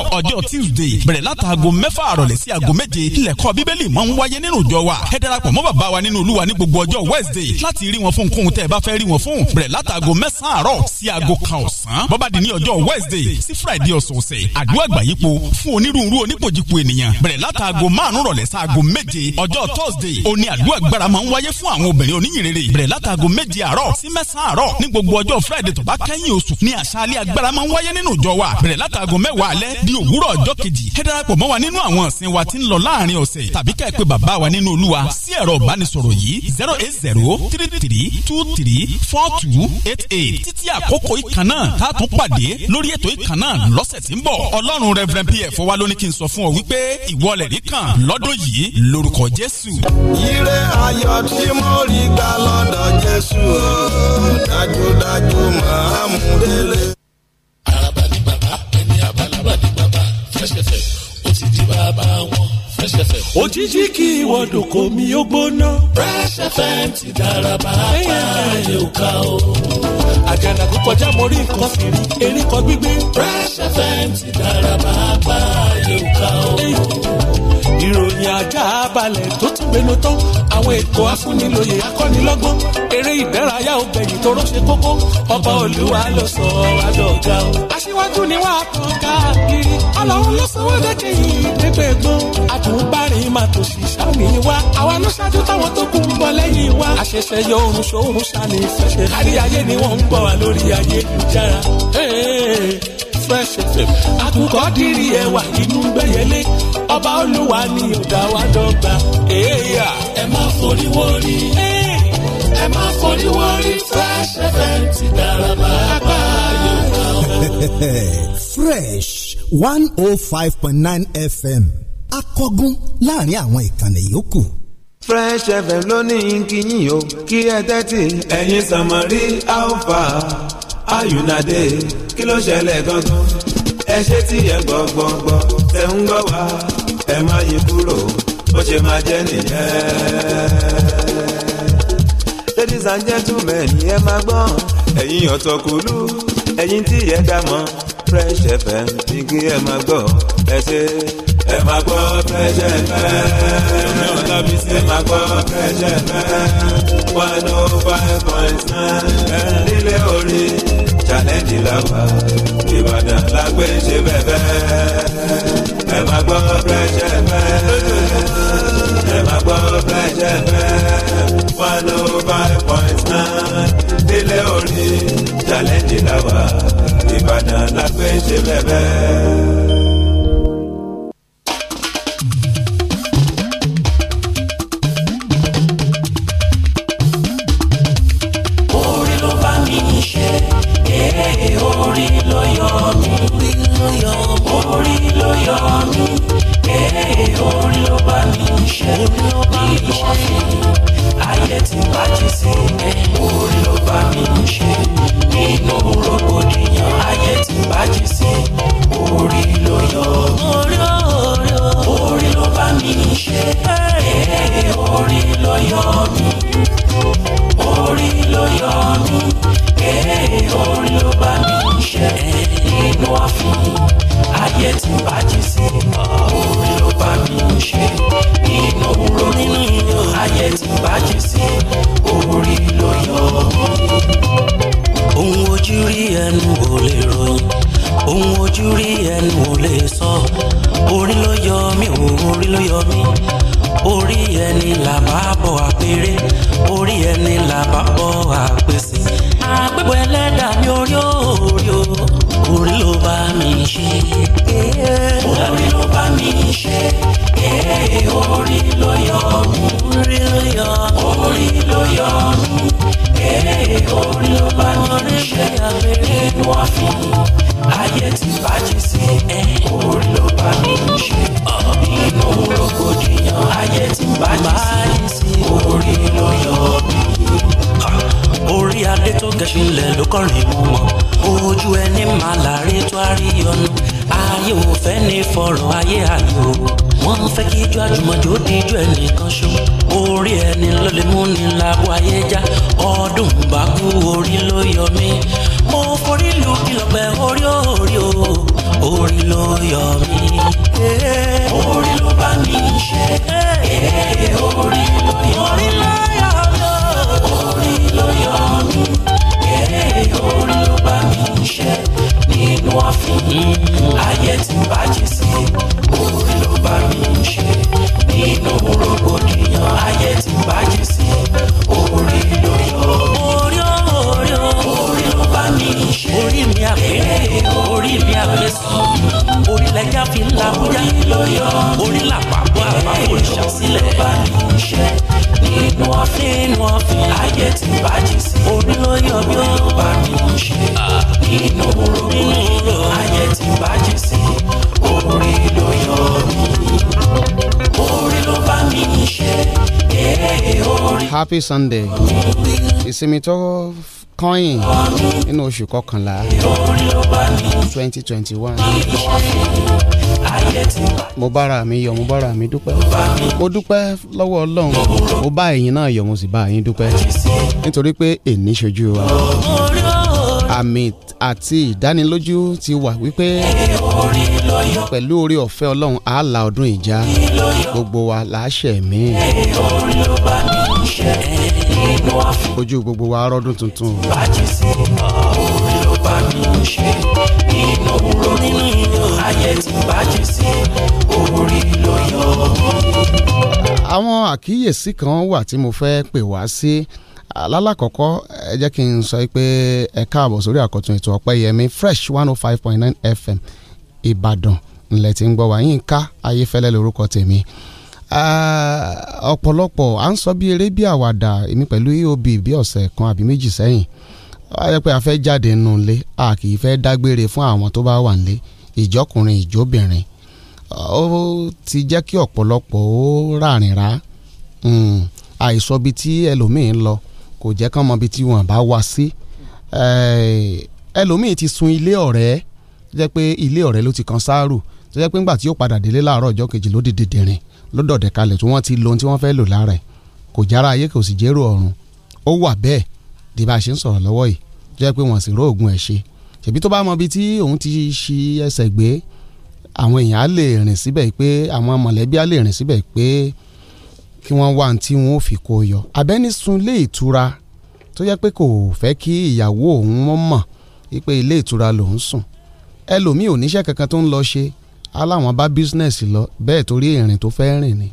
àárọ̀ ọjọ́ tuesday bẹ̀rẹ̀ látàgò mẹ́fà àrọ̀lẹ́ sí àgò méje ilẹ̀kọ́ bíbélì máa ń wáyé nínú ìjọ wa ẹ darapọ̀ mọ́ bàbá wa nínú olúwa ní gbogbo ọjọ́ wednesday láti rí wọn fún kóhun tẹ́ ẹ bá fẹ́ rí wọn fún bẹ̀rẹ̀ látàgò mẹ́sàn-án àárọ̀ sí àgò kan ọ̀sán bọ́bá di ní ọjọ́ wednesday sí friday ọ̀sọ̀ọ̀sẹ̀ àdúrà gbàyípo fún onírúurú onípojìpo ènìyàn bẹ̀rẹ̀ látàgò márùn-ún rọ̀lẹ́ sáàgò méje ọjọ́ thursday òní àdúrà gbára máa ń wáyé fún àwọn obìnrin oníyìnrere bẹ̀rẹ̀ látàgò méje àárọ̀ sí mẹ́sàn-án àárọ̀ ní gbogbo ọjọ́ friday tó bá kẹ́yìn oṣù ní àṣálẹ́ agbára máa ń wáyé nínú ìjọ wa bẹ̀rẹ̀ látàgò mẹ́wàá alẹ́ d di òwúrọ̀ ọjọ́ kejì ẹ darapọ̀ mọ́ wa nínú àwọn ọ̀sìn wa tí ń lọ láàrin ọ̀sẹ̀ tàbí ká ẹ pè bàbá wa nínú olúwa sí ẹ̀rọ ìbánisọ̀rọ̀ yìí zero eight zero three three two three four two eight eight títí àkókò ìkan náà tá a tún pàdé lórí ètò ìkan náà lọ́sẹ̀ tí ń bọ̀ ọlọ́run reverend pf wa ló ní kí n sọ fún ọ wípé ìwọlẹ̀ rí kan lọ́dún yìí lórúkọ jésù. ire ayọ̀ tí mo rí gbà lọ́dọ̀ jésù dájúdájú máa mú délé. Fresh FM ó ti di Fresh FM. òjijì kí ìwọ́dọ̀ kò mí ó gbóná. Fresh FM ti dára bàbá yóò ká o. àjànà kó kọjá mo rí nǹkan fìrí erékọ gbígbé. Fresh FM ti dára bàbá yóò ká o ìròyìn ajá balẹ̀ tó tún gbénu tán àwọn ètò afúnilòyè akọ́nilọ́gbọ́n eré ìdárayá obìnrin tó rọ́ṣẹ́ kókó ọba olúwa ló sọ adọ́gà o. aṣíwájú ni wàá kàn káàkiri ọlọ́run ló sọ wọ́n dẹ́kẹ́ yìí dẹ́gbẹ́ gbọ́n àtúbárìn máa tò sí sámi wa àwa ló ṣáájú táwọn tó kù ń bọ̀ lẹ́yìn wa. àṣẹ̀ṣẹ̀ yọ oorun ṣòorun ṣàní ìfẹsẹ̀ kárí ni wọ́n ń gbọ́ wa lórí ayélujára fresh fm àkùkọ dìrì ẹwà inú gbẹyẹlé ọba olúwa ni ọ̀dà wa dọ́gba. ẹ má forí wọrí ẹ má forí wọrí fresh fm ti dára pàápàá yóò wá o. fresh one oh five point nine fm akọgun láàrin àwọn ìkànnì yòókù. fresh fm ló ní kíyìn o kí ẹ tẹ́tì. ẹ̀yin sàmọ́rí alfa ayùnádé kí ló ṣẹlẹ̀ gangan ẹ ṣe tí ẹ gbọ́ gbọ́ gbọ́ ẹ ń gbọ́ wá ẹ má yí kúrò bó ṣe máa jẹ́ nìyẹn. ladies and gentlemen ẹ máa gbọ́n ẹ̀yin ọ̀tọ̀kùlú ẹ̀yin tí ẹ dá mọ́ fresh fm ní kí ẹ máa gbọ́ ẹ ṣe ẹ máa gbọ́ fresh fm ẹ máa gbọ́ fresh fm one oh five point nine nílé orí challenge làwà ìbàdàn lágbé ṣe bẹ́ẹ̀ ẹ má gbọ́ fresh fm ẹ má gbọ́ fresh fm one oh five point nine délé orí challenge làwà ìbàdàn lágbé ṣe bẹ́ẹ̀. orí ló yọ mí orí ló yọ mí ee orí ló bá mi ṣe ìbọn mi ayé tí ń bàjẹ́ sí orí ló bá mi ṣe nínú rògbòdìyàn ayé tí ń bàjẹ́ sí orí ló yọ mí mi ṣe orí ló yọ mí orí ló yọ mí orí ló bá mi ṣe inú àfin ayé ayé ti bájì sí. orí ló yọ bí ó bá mi ń ṣe. inú rògbòdì ayé ti bájì sí. orí ló yọ mí. orí ló bá mi ń ṣe. Happy Sunday. Ìsinmi tó kọ́yìn nínú oṣù kọkànlá twenty twenty one mo bára mi yọ̀ mo bára mi dúpẹ́ mo dúpẹ́ lọ́wọ́ Ọlọ́run mo bá ẹ̀yin náà yọ̀ mo sì bá ẹ̀yin dúpẹ́ nítorí pé èní ṣojú wa àmì àti ìdánilójú ti wà wípé pẹ̀lú oore ọ̀fẹ́ Ọlọ́run àálà ọdún ìjà gbogbo wa làá ṣẹ̀mí ojú gbogbo wa rọ́dún tuntun. bàjẹ́ sí orí ló bá mi ń ṣe nínú òwúrọ̀ nínú ìyàn ayé ti bàjẹ́ sí orí ló yọ. àwọn àkíyèsí kan wà tí mo fẹ́ pè wá sí lálàkọ́kọ́ ẹ jẹ́ kí n sọ pé ẹ káàbọ̀ sórí àkọ́tún ètò ọ̀pẹ́yẹmí fresh one oh five point nine fm ìbàdàn ńlẹ̀ tí ń gbọ́ wá yín ká ayéfẹ́lẹ́ lórúkọ tèmi. Ah, ọ̀pọ̀lọpọ̀ à ń sọ bí eré bí àwàdà èmi pẹ̀lú eob bí ọ̀sẹ̀ kan àbí méjì sẹ́yìn wáyé pé a fẹ́ jáde nù lé a kì í fẹ́ dágbére fún àwọn tó bá wà nílé ìjọkùnrin ìjọbìnrin ó ti jẹ́ kí ọ̀pọ̀lọpọ̀ ó rárìnrá hmm, àìsọ ibi tí ẹlòmíín lọ kò jẹ́ kán mọ ibi tí wọ́n bá wá sí eh, ẹlòmíín ti sun ilé ọ̀rẹ́ jẹ́ pé ilé ọ̀rẹ́ ló ti kan sáárù jẹ́ pé ńgbà tí ó padà délé láàárọ̀ ọjọ́ kejì ló dìde dìrin ló kalẹ̀ tí wọ́n ti lo ohun tí wọ́n fẹ́ lò lára ẹ̀ kò jára ayé kò sì jẹ́rò ọ̀run ó wà bẹ́ẹ̀ di bá a ṣe ń sọ̀rọ̀ lọ́wọ́ yìí jẹ́ pé wọ́n sì róògùn ẹ̀ ṣe ṣèbí tó bá mọ ibi tí òun ti ṣi ẹsẹ̀ gbé àwọn èèyàn á lè rìn síbẹ̀ pé àwọn mọ̀lẹ́bí á lè rìn síbẹ̀ pé kí wọ́n wá tí wọ́n ò fi kó yọ abẹ́ni sùn ilé ìtura tó jẹ́ pé kò fẹ́ kí ìyàwó òun mọ̀ wípé ilé ìtura lòún sùn ẹlòmíì ò kankan tó ń lọ ṣe aláwọn bá bísínẹ́sì lọ bẹ́ẹ̀ torí ìrìn tó fẹ́ rìn ni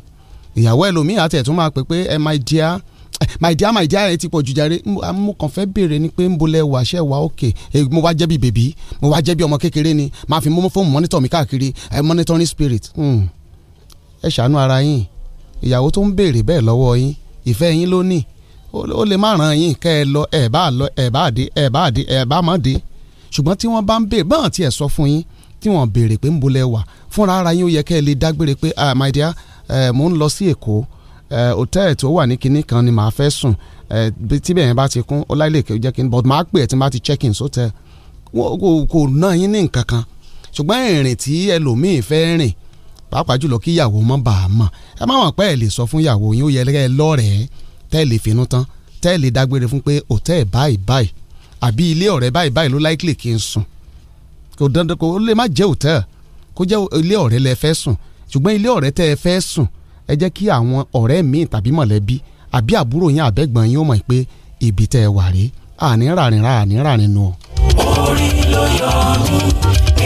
ìyàwó ẹlòmíì àti ẹ̀tún máa pè pé ẹ my dear my dear my dear ẹ ti pọ̀ jù jàre mo kàn fẹ́ béèrè ni pé nbo lẹ wà ṣẹ́ wà òkè mo wá jẹ́ bí bèbí mo wá jẹ́ bí ọmọ kékeré ni máa fi mọ́mọ́ fóònù mọ́nítọ̀ mi káàkiri ẹ monitoring spirit hmm. ẹ ṣàánú ara yín ìyàwó tó ń béèrè bẹ́ẹ̀ lọ́wọ́ yín ìfẹ́ yín ló ní ó lè má ràn yín kẹ́ ẹ lọ ẹ bá lọ ẹ bá dé ẹ bá dé ẹ bá má dé ṣùgbọ́n tí wọ́n bá ń béèrè báwọn tiẹ̀ sọ fún yín tí wọ́n béèrè pé ń bolẹ̀ wà fúnra ara yín ó yẹ kẹ́ ẹ lè dágbére pé ah my dear eh, mò ń lọ sí èkó eh, hòtẹ́ẹ̀lì tó wà ní kinní kan ni màá fẹ́ sùn eh, tí bẹ́ẹ̀ yẹn bá ti kún ó láìlè kí ó jẹ́ kinní but màá pè ẹ́ tí n bá ti check in sótẹ́ kò ná yín ní nǹkan kan ṣùgbọ́n ìrìn tí ẹlòmíì fẹ́ rìn pàápàá jùlọ kí ìyàwó mọ́ bàá mọ̀ ẹ má wọ̀n pẹ́ ẹ lè sọ fún ìyàwó yín ó yẹ lẹ́rẹ́ lọ́rẹ̀ẹ́ tẹ́ ẹ lè finú tán tẹ́ ẹ lè dágbére fún pé hòtẹ́ẹ̀lì báyìí báyìí àbí ilé ọ̀rẹ́ báyìí báyìí ló likely kí n sùn kò dandan kò ó lè má jẹ́ hòtẹ́ẹ̀ kó jẹ́ ilé ọ̀rẹ́ lẹ fẹ́ sùn ṣùgbọ́n ilé ọ̀rẹ́ tẹ́ ẹ fẹ́ sùn ẹ jẹ́ kí àwọn ọ̀rẹ́ míì tàbí mọ̀lẹ́bí àbí àbúrò yín àbẹ́gbọ̀n yín ó mọ̀ pé ibi tẹ́ ẹ wà rí àní ra àní nu. orí ló yọ mí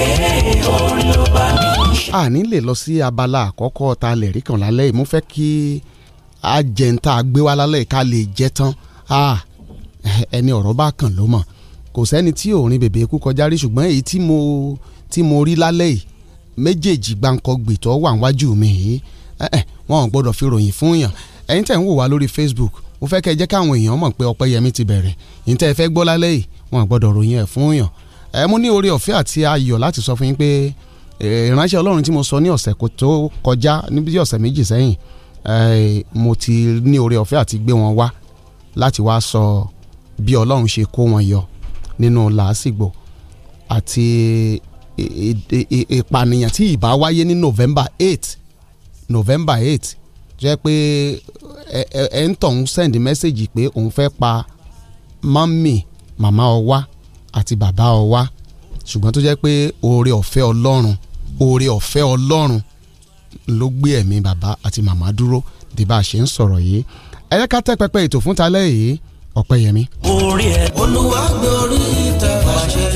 ee orí ló bá mi. àní lè lọ sí abala àkọ́kọ́ ta lè rí kan lálẹ́ yìí mo fẹ́ kí ajẹ́ntà gbé wa lálẹ́ ká lè jẹ́ tán ah, ẹni ọ̀rọ̀ bá kàn ló mọ̀ kò sẹ́ni tí ò rin bèbè ikú kọjá rí ṣùgbọ́n èyí tí mo tí mo rí lálẹ́ yìí méjèèjì gbáǹkọ gbìtọ́ wà níwájú mi yìí wọn ò gbọ́dọ̀ fi ròyìn fún yàn ẹ̀yin tẹ̀ ń wò wá lórí Facebook mo fẹ́ kẹ́ ẹ jẹ́ káwọn èèyàn mọ̀ pé Ọpẹ́yẹmí ti bẹ̀rẹ̀ yìí tẹ́ ẹ fẹ́ gbọ́ lálẹ́ yìí wọn ò gbọ́dọ̀ ròyìn ẹ̀ fún yàn ẹ mú ní oore ọ̀fẹ́ àti ayọ̀ láti sọ fún yín pé ìránṣẹ́ Ọlọ́run tí mo sọ ní ọ̀sẹ̀ tó kọjá níbi ọ̀sẹ̀ méjì sẹ́yìn mo ti ní oore ọ̀fẹ́ àti gbé wọn wá láti wá sọ bí Ọlọ́run ṣe kó wọn yọ nínú làásìgbò àti ìpànìyàn tí ìbá wáyé ní November eight November eight jẹ́ pé ẹ̀ ń tọ̀hún send message pé òun fẹ́ pa mọ́mì màmá ọwá àti bàbá ọwá ṣùgbọ́n tó jẹ́ pé oore ọ̀fẹ́ ọlọ́run oore ọ̀fẹ́ ọlọ́run ló gbé ẹ̀mí bàbá àti màmá dúró dé bá a ṣe ń sọ̀rọ̀ yìí ẹ jẹ́ ká tẹ́ pẹpẹ ètò fún talẹ́ yìí ọpẹ́yẹmí. orí ẹ olúwa gbé orí tẹ fàṣẹ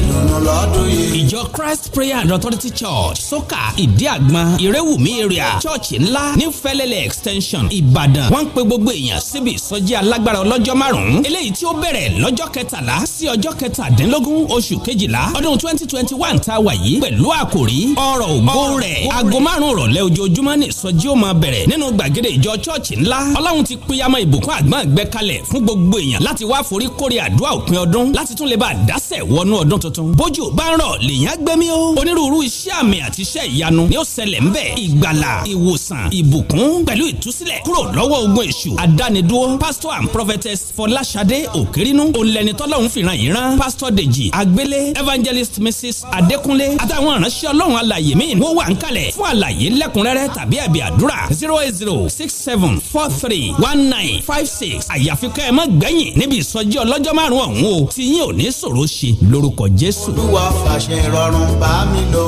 lọ́dún yìí. ìjọ christ prayer and authority church soka ìdí àgbọn ìrẹ́wùmí area church ńlá ní fẹ́lẹ́lẹ̀ extension ìbàdàn wọ́n ń pe gbogbo èèyàn síbi ìsọjí alágbára ọlọ́jọ́ márùn-ún eléyìí tí ó bẹ̀rẹ̀ lọ́jọ́ kẹtàlá sí ọjọ́ kẹtàdínlógún oṣù kejìlá ọdún twenty twenty one tá a wà yìí pẹ̀lú àkòrí ọ̀rọ̀ ògo rẹ̀ aago márùn-ún rọ̀lẹ́ ojoojúmọ́ ní ìsọjí ó máa bẹ̀rẹ̀ nínú gbàgede ìjọ church ńlá ọlọ́run ti pínyàmọ́ ìbùkún àgbọn ìgbẹ́kalẹ̀ fún gbogbo èèyàn láti wá forí kórè àdúrà òpin ọdún láti tún lè bá àdásẹ̀ wọnú ọdún tuntun bójú bá ń rọ̀ lèyàn gbẹ́mí o onírúurú iṣẹ́ àmì àti iṣẹ́ ìyanu ni ó ṣẹlẹ̀ ń bẹ̀ ìgbàlà ìwòsàn ìbùkún pẹ̀lú ìtúsílẹ̀ kúrò lọ́wọ́ ogun èṣù àdánidúró pastor and prophetess fọláṣadé òkèrínú òǹlẹ̀ni tọ́lọ́hún fìràn yìí rán pastor dèjì àgbélé evangelist mrs adékúnlé àtàwọn ìránṣẹ́ ọlọ́run alàyè míì wọ́n wà ń kalẹ̀ fún àlàyé lẹ́kùnrẹ́rẹ́ tàbí ẹ̀bì àdúrà zero eight zero six seven four three one nine five six àyàfi kẹ́ ẹ gbẹ̀yìn níbi ìsọjí ọlọ́jọ́ márùn-ún ọ̀hún o tí yín ò ní ṣòro ṣe lórúkọ Jésù. Olúwa fàṣẹ rọrùn bá mi lọ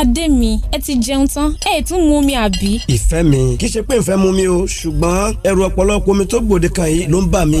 adé mi ẹ ti jẹun tán ẹ ẹ tún mú mi àbí. ìfẹ́ mi kì í ṣe pé ìfẹ́ mú mi o ṣùgbọ́n ẹrù ọ̀pọ̀lọpọ̀ omi tó gbòde kan yìí ló ń bà mí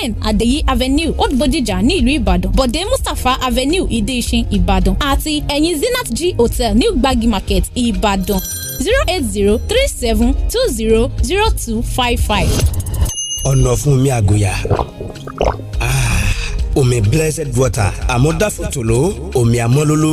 ten Àdèyí avenue Old Bodija ní ìlú Ìbàdàn Bọ̀dé Mustapha avenue Ìdí-Ìṣin Ìbàdàn àti ẹ̀yìn Zenith G Hotel New Gbagi Market Ìbàdàn zero eight zero three seven two zero zero two five five. ọ̀nà fún mi àgùyà ah, omi blessed water àmúdáfòtòló omi àmọ́lóló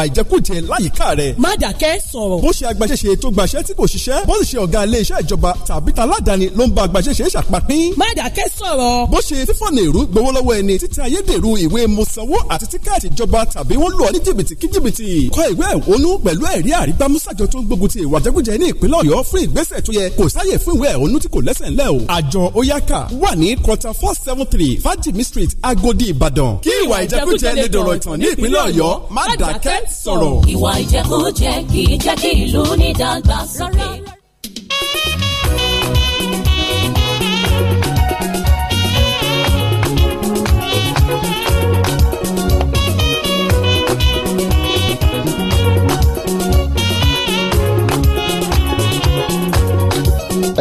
ìwà ìjẹkújẹ láyìíká rẹ̀. má dàkẹ́ sọ̀rọ̀. bó ṣe agbaṣẹ́ṣe tó gbaṣẹ́ tí kò ṣiṣẹ́ bó sì ṣe ọ̀gá ilé iṣẹ́ ìjọba tàbí taládàáni ló ń bá agbaṣẹ́ṣe ṣàpapín. má dàkẹ́ sọ̀rọ̀. bó ṣe fífọ́nà èrú gbowó lọ́wọ́ ẹni títí ayédèrú ìwé mọ̀sánwó àti tíkẹ́ẹ̀tì ìjọba tàbí wọ́n lò ní jìbìtì kí jìbìtì. kọ ìwé ẹ̀hónú pẹ̀lú ẹ̀rí àrígbámúsàjọ o. àjọ oyaka wà ní kọta four seven three fájìmí street agodi ìbàdàn kí ìwà ìjẹkújẹ lè dọ̀rọ̀ ìtàn sọ̀rọ̀. ìwà ìjẹkújẹ kì í jẹ́ kí ìlú ní ìdàgbàsókè.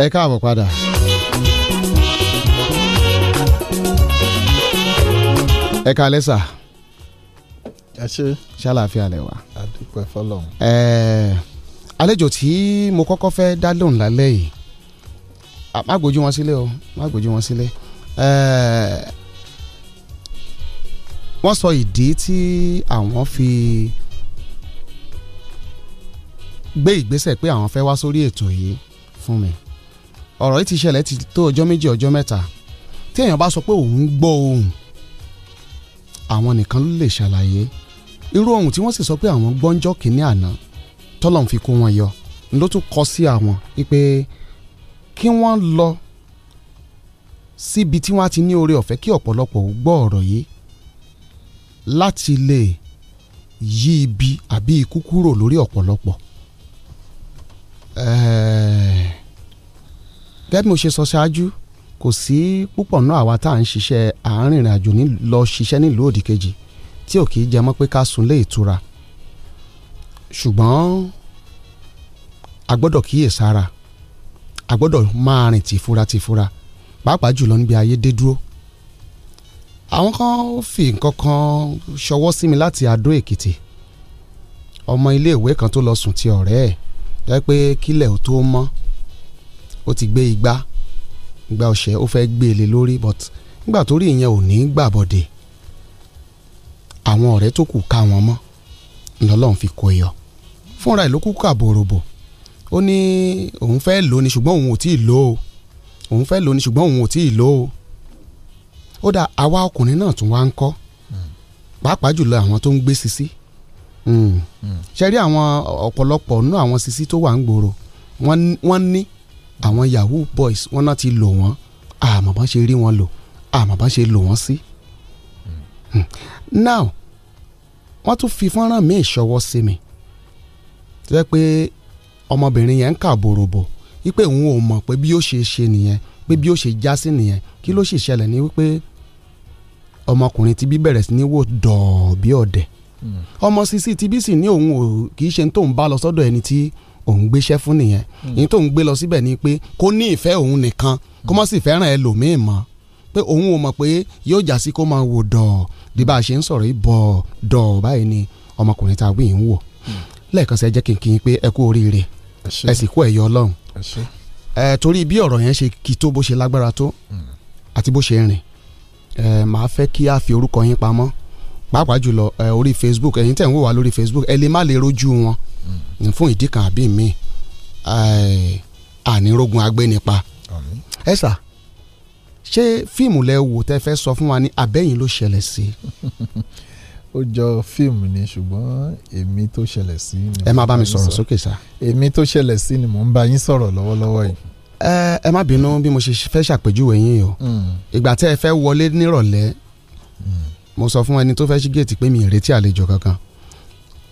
ẹ káàbọ̀ padà. ẹ kalẹ́ sà ẹ ṣe. ṣàlàáfíà lẹ wà. àdúpẹ́ fọlọ́run. ẹ̀ẹ́ àlejò tí mo kọ́kọ́ fẹ́ dá lóhùn lálẹ́ yìí má gbójú wọn sílẹ̀ o má gbójú wọn sílẹ̀ ẹ̀ẹ́ wọ́n sọ ìdí tí àwọn fi gbé ìgbésẹ̀ pé àwọn fẹ́ wá sórí ètò yìí fún mi ọ̀rọ̀ yìí ti ṣẹlẹ̀ ti tó ọjọ́ méjì ọjọ́ mẹ́ta tí èèyàn bá sọ pé òun gbọ́ ohùn àwọn nìkan ló lè ṣàlàyé irú ohun tí wọ́n sì sọ pé àwọn gbọ́njọ́ kìíní àná tọ́lọ̀ ń fi kó wọn yọ ló tún kọ sí àwọn wípé kí wọ́n lọ síbi tí wọ́n ti ní oore ọ̀fẹ́ kí ọ̀pọ̀lọpọ̀ ò gbọ́ ọ̀rọ̀ yìí láti lè yí ibi àbí ikú kúrò lórí ọ̀pọ̀lọpọ̀ gẹ́gẹ́ bí mo ṣe sọ ṣáájú kò sí púpọ̀ náà àwa tá à ń ṣiṣẹ́ à ń àjò lọ ṣiṣẹ́ nílùú òdìkejì tí ò kì í jẹ mọ́ pé ká sùn lé ìtura ṣùgbọ́n a gbọ́dọ̀ kíyèsára a gbọ́dọ̀ máa rìn tìfura tìfura pàápàá jùlọ níbi ayé dé dúró àwọn kan fi nǹkan kan ṣọwọ́ sí mi láti Adó Èkìtì ọmọ iléèwé kan tó lọ sùn ti ọ̀rẹ́ ẹ̀ jẹ́ pé kílẹ̀ ò tó mọ́ ó ti gbé igbá igbá ọ̀sẹ̀ ó fẹ́ gbé e lé lórí but nígbà tó rí ìyẹn ò ní gbàbọ̀dẹ̀ àwọn ọ̀rẹ́ tó kù ká wọn mọ́ lọ́lọ́run fi kó yọ fúnra ẹ̀ ló kúkú àbòròbò ó ní òun fẹ́ lò ó ni ṣùgbọ́n òun ò tí ì lò ó òun fẹ́ lò ó ni ṣùgbọ́n òun ò tí ì lò ó ó dà àwa ọkùnrin náà tún wá ń kọ́ pàápàá jùlọ àwọn tó ń gbé sisi hmm. ṣe rí àwọn ọ̀pọ̀lọpọ̀ nínú àwọn sisi tó wà ń gbòòrò wọ́n ní àwọn yahoo boys wọ́n náà ti lò wọ́n àmọ́ bá ṣe rí wọn lò àmọ́ bá ṣe lò wọ́n sí. Hmm. now wọ́n tún fi fọ́nrán míì ṣọwọ́ sí mi tó jẹ́ pé ọmọbìnrin yẹn ń kà bòròbò wípé òun ò mọ̀ pé bí ó ṣe ṣe nìyẹn pé bí ó ṣe já sí nìyẹn kí ló sì ṣẹlẹ̀ ní wípé ọmọkùnrin ti bí bẹ̀rẹ̀ sí ní wò dọ̀ọ̀ bí ọ̀dẹ̀ ọmọ sisi ti bí sì ní òun ò kì í ṣe tó ń bá lọ sọ́dọ̀ ẹni tí òun gbéṣẹ́ fún nìyẹn èyí tó ń gbé lọ síbẹ̀ ni pé kó ní ìfẹ́ òun nìkan kó mọ̀ sí fẹ́ràn ẹlòmíì mọ́ pé òun ò mọ̀ pé yóò já sí kó máa wò dọ̀ bí bá a ṣe ń sọ̀rọ̀ yìí bọ̀ dọ̀ báyìí ni ọmọkùnrin tá a wí ń wò hmm. lẹ́ẹ̀kan sí ẹ jẹ́ kínkín pé ẹ kú oríire ẹ sì kú ẹ̀yọ ọlọ́run ẹ torí bí ọ̀rọ̀ yẹn ṣe kí tó bó ṣe lágbára tó hmm. àti bó ṣe rìn ẹ máa fẹ́ kí a fi orúkọ yín pamọ́ pàápàá jùlọ ẹ orí Facebook ẹ̀yin tẹ̀ ń wò wá lórí Facebook ẹ lè má lè rojú wọn hmm. fún ìdí kan àbí mi ànírógun agbénipa ẹ sà ṣé fíìmù lẹ wò tẹ fẹ́ sọ fún wa ní abẹ́yìn ló ṣẹlẹ̀ sí. ó jọ fíìmù ni ṣùgbọ́n èmi tó ṣẹlẹ̀ sí ni. ẹ má bá mi sọ̀rọ̀ sókè sá. èmi tó ṣẹlẹ̀ sí ni mò ń bá yín sọ̀rọ̀ lọ́wọ́lọ́wọ́ yìí. ẹ ẹ má bínú bí mo ṣe fẹ́ ṣàpèjúwe yín o hmm. ìgbà tẹ́ ẹ fẹ́ wọlé nírọ̀lẹ́ hmm. mo sọ fún ẹni tó fẹ́ ṣí géètì pé mi ì retí àlejò kankan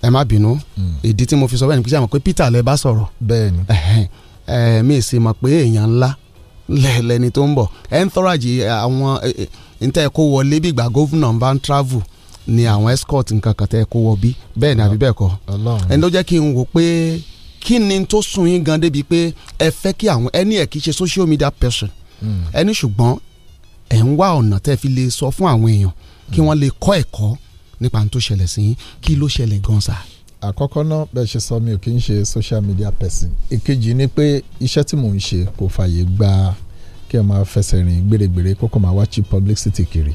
ẹ má bínú hmm. ìdí tí mo fi sọ bẹ́ẹ̀ ni pé Peter lẹ bá sọ̀rọ̀ bẹ́ẹ̀ ni mi ì sì mọ̀ pé èèyàn ńlá lẹ́ni tó ń bọ̀ entourage àwọn níta ẹ̀ kó wọlé bí ìgbà gómìnà bá ń travel ni àwọn escort nǹkan kan tẹ́ ẹ kó wọ bí bẹ́ẹ̀ ni àbí bẹ́ẹ̀ kọ́ ẹni ló jẹ́ kí n wò pé kí ni tó sùn yín gan débi pé ẹ fẹ́ kí àwọn ẹni ẹ̀ kì ṣe social media person hmm. ẹni ṣùgbọ́n ẹ̀ ń wá ọ̀nà tẹ́ fi lè sọ fún àwọn èèyàn kí hmm. wọ́n lè kọ́ ẹ̀kọ́ nípa tó ṣẹlẹ̀ sí yín kí ló ṣẹlẹ̀ gan sáà àkọ́kọ́ náà bẹ́ẹ̀ ṣe sọ mi ò kí ń ṣe social media person èkejì ni pé iṣẹ́ tí mò ń ṣe kò fàyè gba kí ẹ máa fẹsẹ̀ rìn gbèrègbèrè kókò máa wá publicity kiri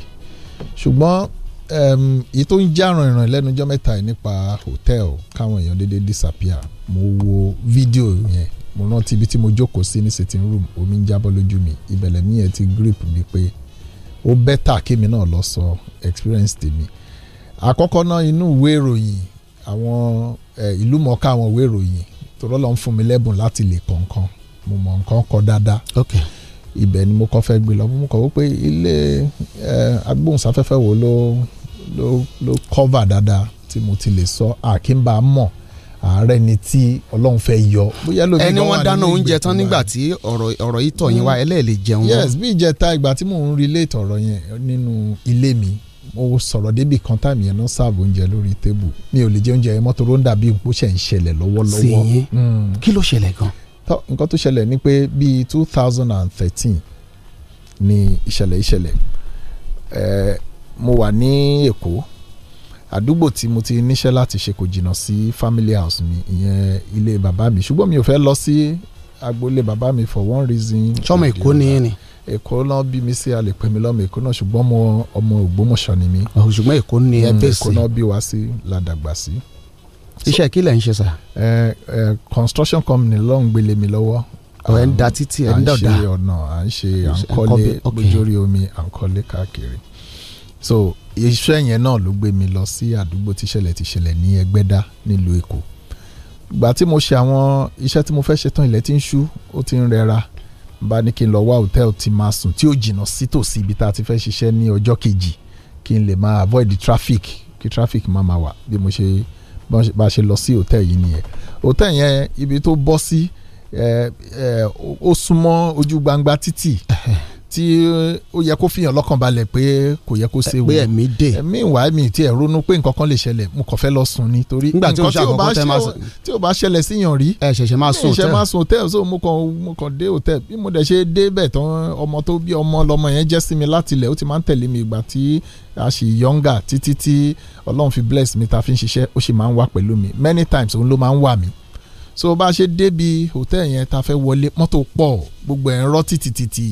ṣùgbọ́n èyí tó ń já ràn-ìràn lẹ́nujọ́ mẹ́ta yìí nípa hotel káwọn èèyàn dédé disappear mo wo fídíò yẹn mo rántí ibi tí mo jókòó sí ní sitting room omi ń jábọ́ lójú mi ìbẹ̀lẹ̀ mi yẹn ti grip mi pé ó bẹ́tà kémi náà lọ sọ experience tèmi àkọ́kọ́ náà inú ìwé ìròyìn àwọn ìlú mọ̀ọ́ká àwọn ìwé ìròyìn tọ́lọ́ lọ́n fún mi lẹ́bùn láti lè kọ̀ nǹkan mo mọ̀ nǹkan kọ dáadáa ibẹ̀ ni mo kọ́ fẹ́ gbé lọ mo kọ́ wípé ilé agbóhùnsáfẹ́fẹ́ wo ló ló dáadáa tí mo ti lè sọ àkínbá mọ̀ ààrẹ ni tí ọlọ́run fẹ́ yọ. ẹni wọ́n dáná oúnjẹ tán nígbà tí ọ̀rọ̀ yìí tọ̀ yín wá mm. ẹlẹ́ẹ̀lẹ́ jẹun. yes bí ìjẹta ìgbà tí mò ń relate ọ̀rọ̀ yẹn nínú ilé mi mo sọ̀rọ̀ débi kan táàmì yẹn náà sáàbù oúnjẹ lórí tébù mi ò lè jẹ oúnjẹ yẹn mọ́tò róńdà bí nǹkó ṣe ń ṣẹlẹ̀ lọ́wọ́lọ́wọ́. sèyí hmm. kí ló ṣẹlẹ̀ gan. tó nǹkan tó ṣẹlẹ̀ ni pé bíi two thousand and thirteen ni ìṣẹ̀lẹ̀ ìṣẹ̀lẹ̀ eh, mo wà ní Èkó àdúgbò tí mo ti níṣẹ́ láti ṣe kò jìnnà sí family house mi ìyẹn ilé bàbá mi ṣùgbọ́n mi ò fẹ́ lọ sí agboolé bàbá mi for one reason. sọmọ èkó ni yín ni. èkó náà bí mi sí a lè pè mí lọ́mọ èkó náà ṣùgbọ́n ọmọ ọmọ ògbómọ̀ṣọ́ ni mí. Oh, ṣùgbọ́n èkó ni ẹ bẹ́ẹ̀ mm, èkó náà bí wa sí ládàgbà sí. iṣẹ́ kí lẹ̀ ń ṣe sà. ẹ ẹ construction company ló ń gbélé mi lọ́wọ́. ọ̀ ẹ̀ ń da títì ẹ̀ ń dọ̀dà. à ń ṣe ọ̀nà à ń ṣe à ń kọ́lé lójórí omi à ń kọ́lé káàkiri. so iṣẹ́ yẹn náà ló gbé mi lọ sí àdúgbò tíṣẹ̀lẹ̀ tíṣẹ̀lẹ̀ ní Ẹgbẹ́dá nílùú Èkó ìgbà tí mo ṣe àwọn iṣẹ́ tí mo fẹ́ ṣe tán ilẹ̀ tí ń ṣú ó ti ń rẹra bá ní kí n lọ wá hòtẹ́ẹ̀lì tí máa sùn tí ó jìnnà sí tòsí ibi tá a ti fẹ́ ṣiṣẹ́ ní ọjọ́ kejì kí n lè máa avoid the traffic kí traffic má máa wà bí mo ṣe bá a ṣe lọ sí hòtẹ́ẹ̀lì yìí nìyẹn hòtẹ́ẹ̀lì yẹn ibi tó bọ́ sí ó súnmọ́ ojú gbangba títì tí ó yẹ kó fihàn lọ́kàn balẹ̀ pé kò yẹ kó ṣe wò. pé ẹ̀mí dè. ẹ̀mí ìwà mi tí ẹ̀ ronú pé nǹkan kan lè ṣẹlẹ̀ mo kàn fẹ́ lọ sùn ni torí nǹkan tí ò bá ṣẹlẹ̀ síyàn rí. ẹ ṣẹ̀ṣẹ̀ máa sùn hòtẹ́ẹ̀lì. máa sùn hòtẹ́ẹ̀lì so mo kàn mo kàn dé hòtẹ́ẹ̀lì bí mo dẹ̀ ṣe dé bẹ̀ tán ọmọ tó bí ọmọ lọmọ yẹn jẹ́ sí mi láti ilẹ̀ ó ti máa ń tẹ̀lé mi ìgbà tí a ṣì yọ̀ǹgà títí tí Ọlọ́run fi bless mi ta fi ń ṣiṣẹ́ ó sì máa ń wà pẹ̀lú mi many times òun ló máa ń wà mí so bá a ṣe débi hòtẹ́ẹ̀lì yẹn ta fẹ́ wọlé mọ́tò pọ̀ gbogbo ẹ̀ ń rọ́ títì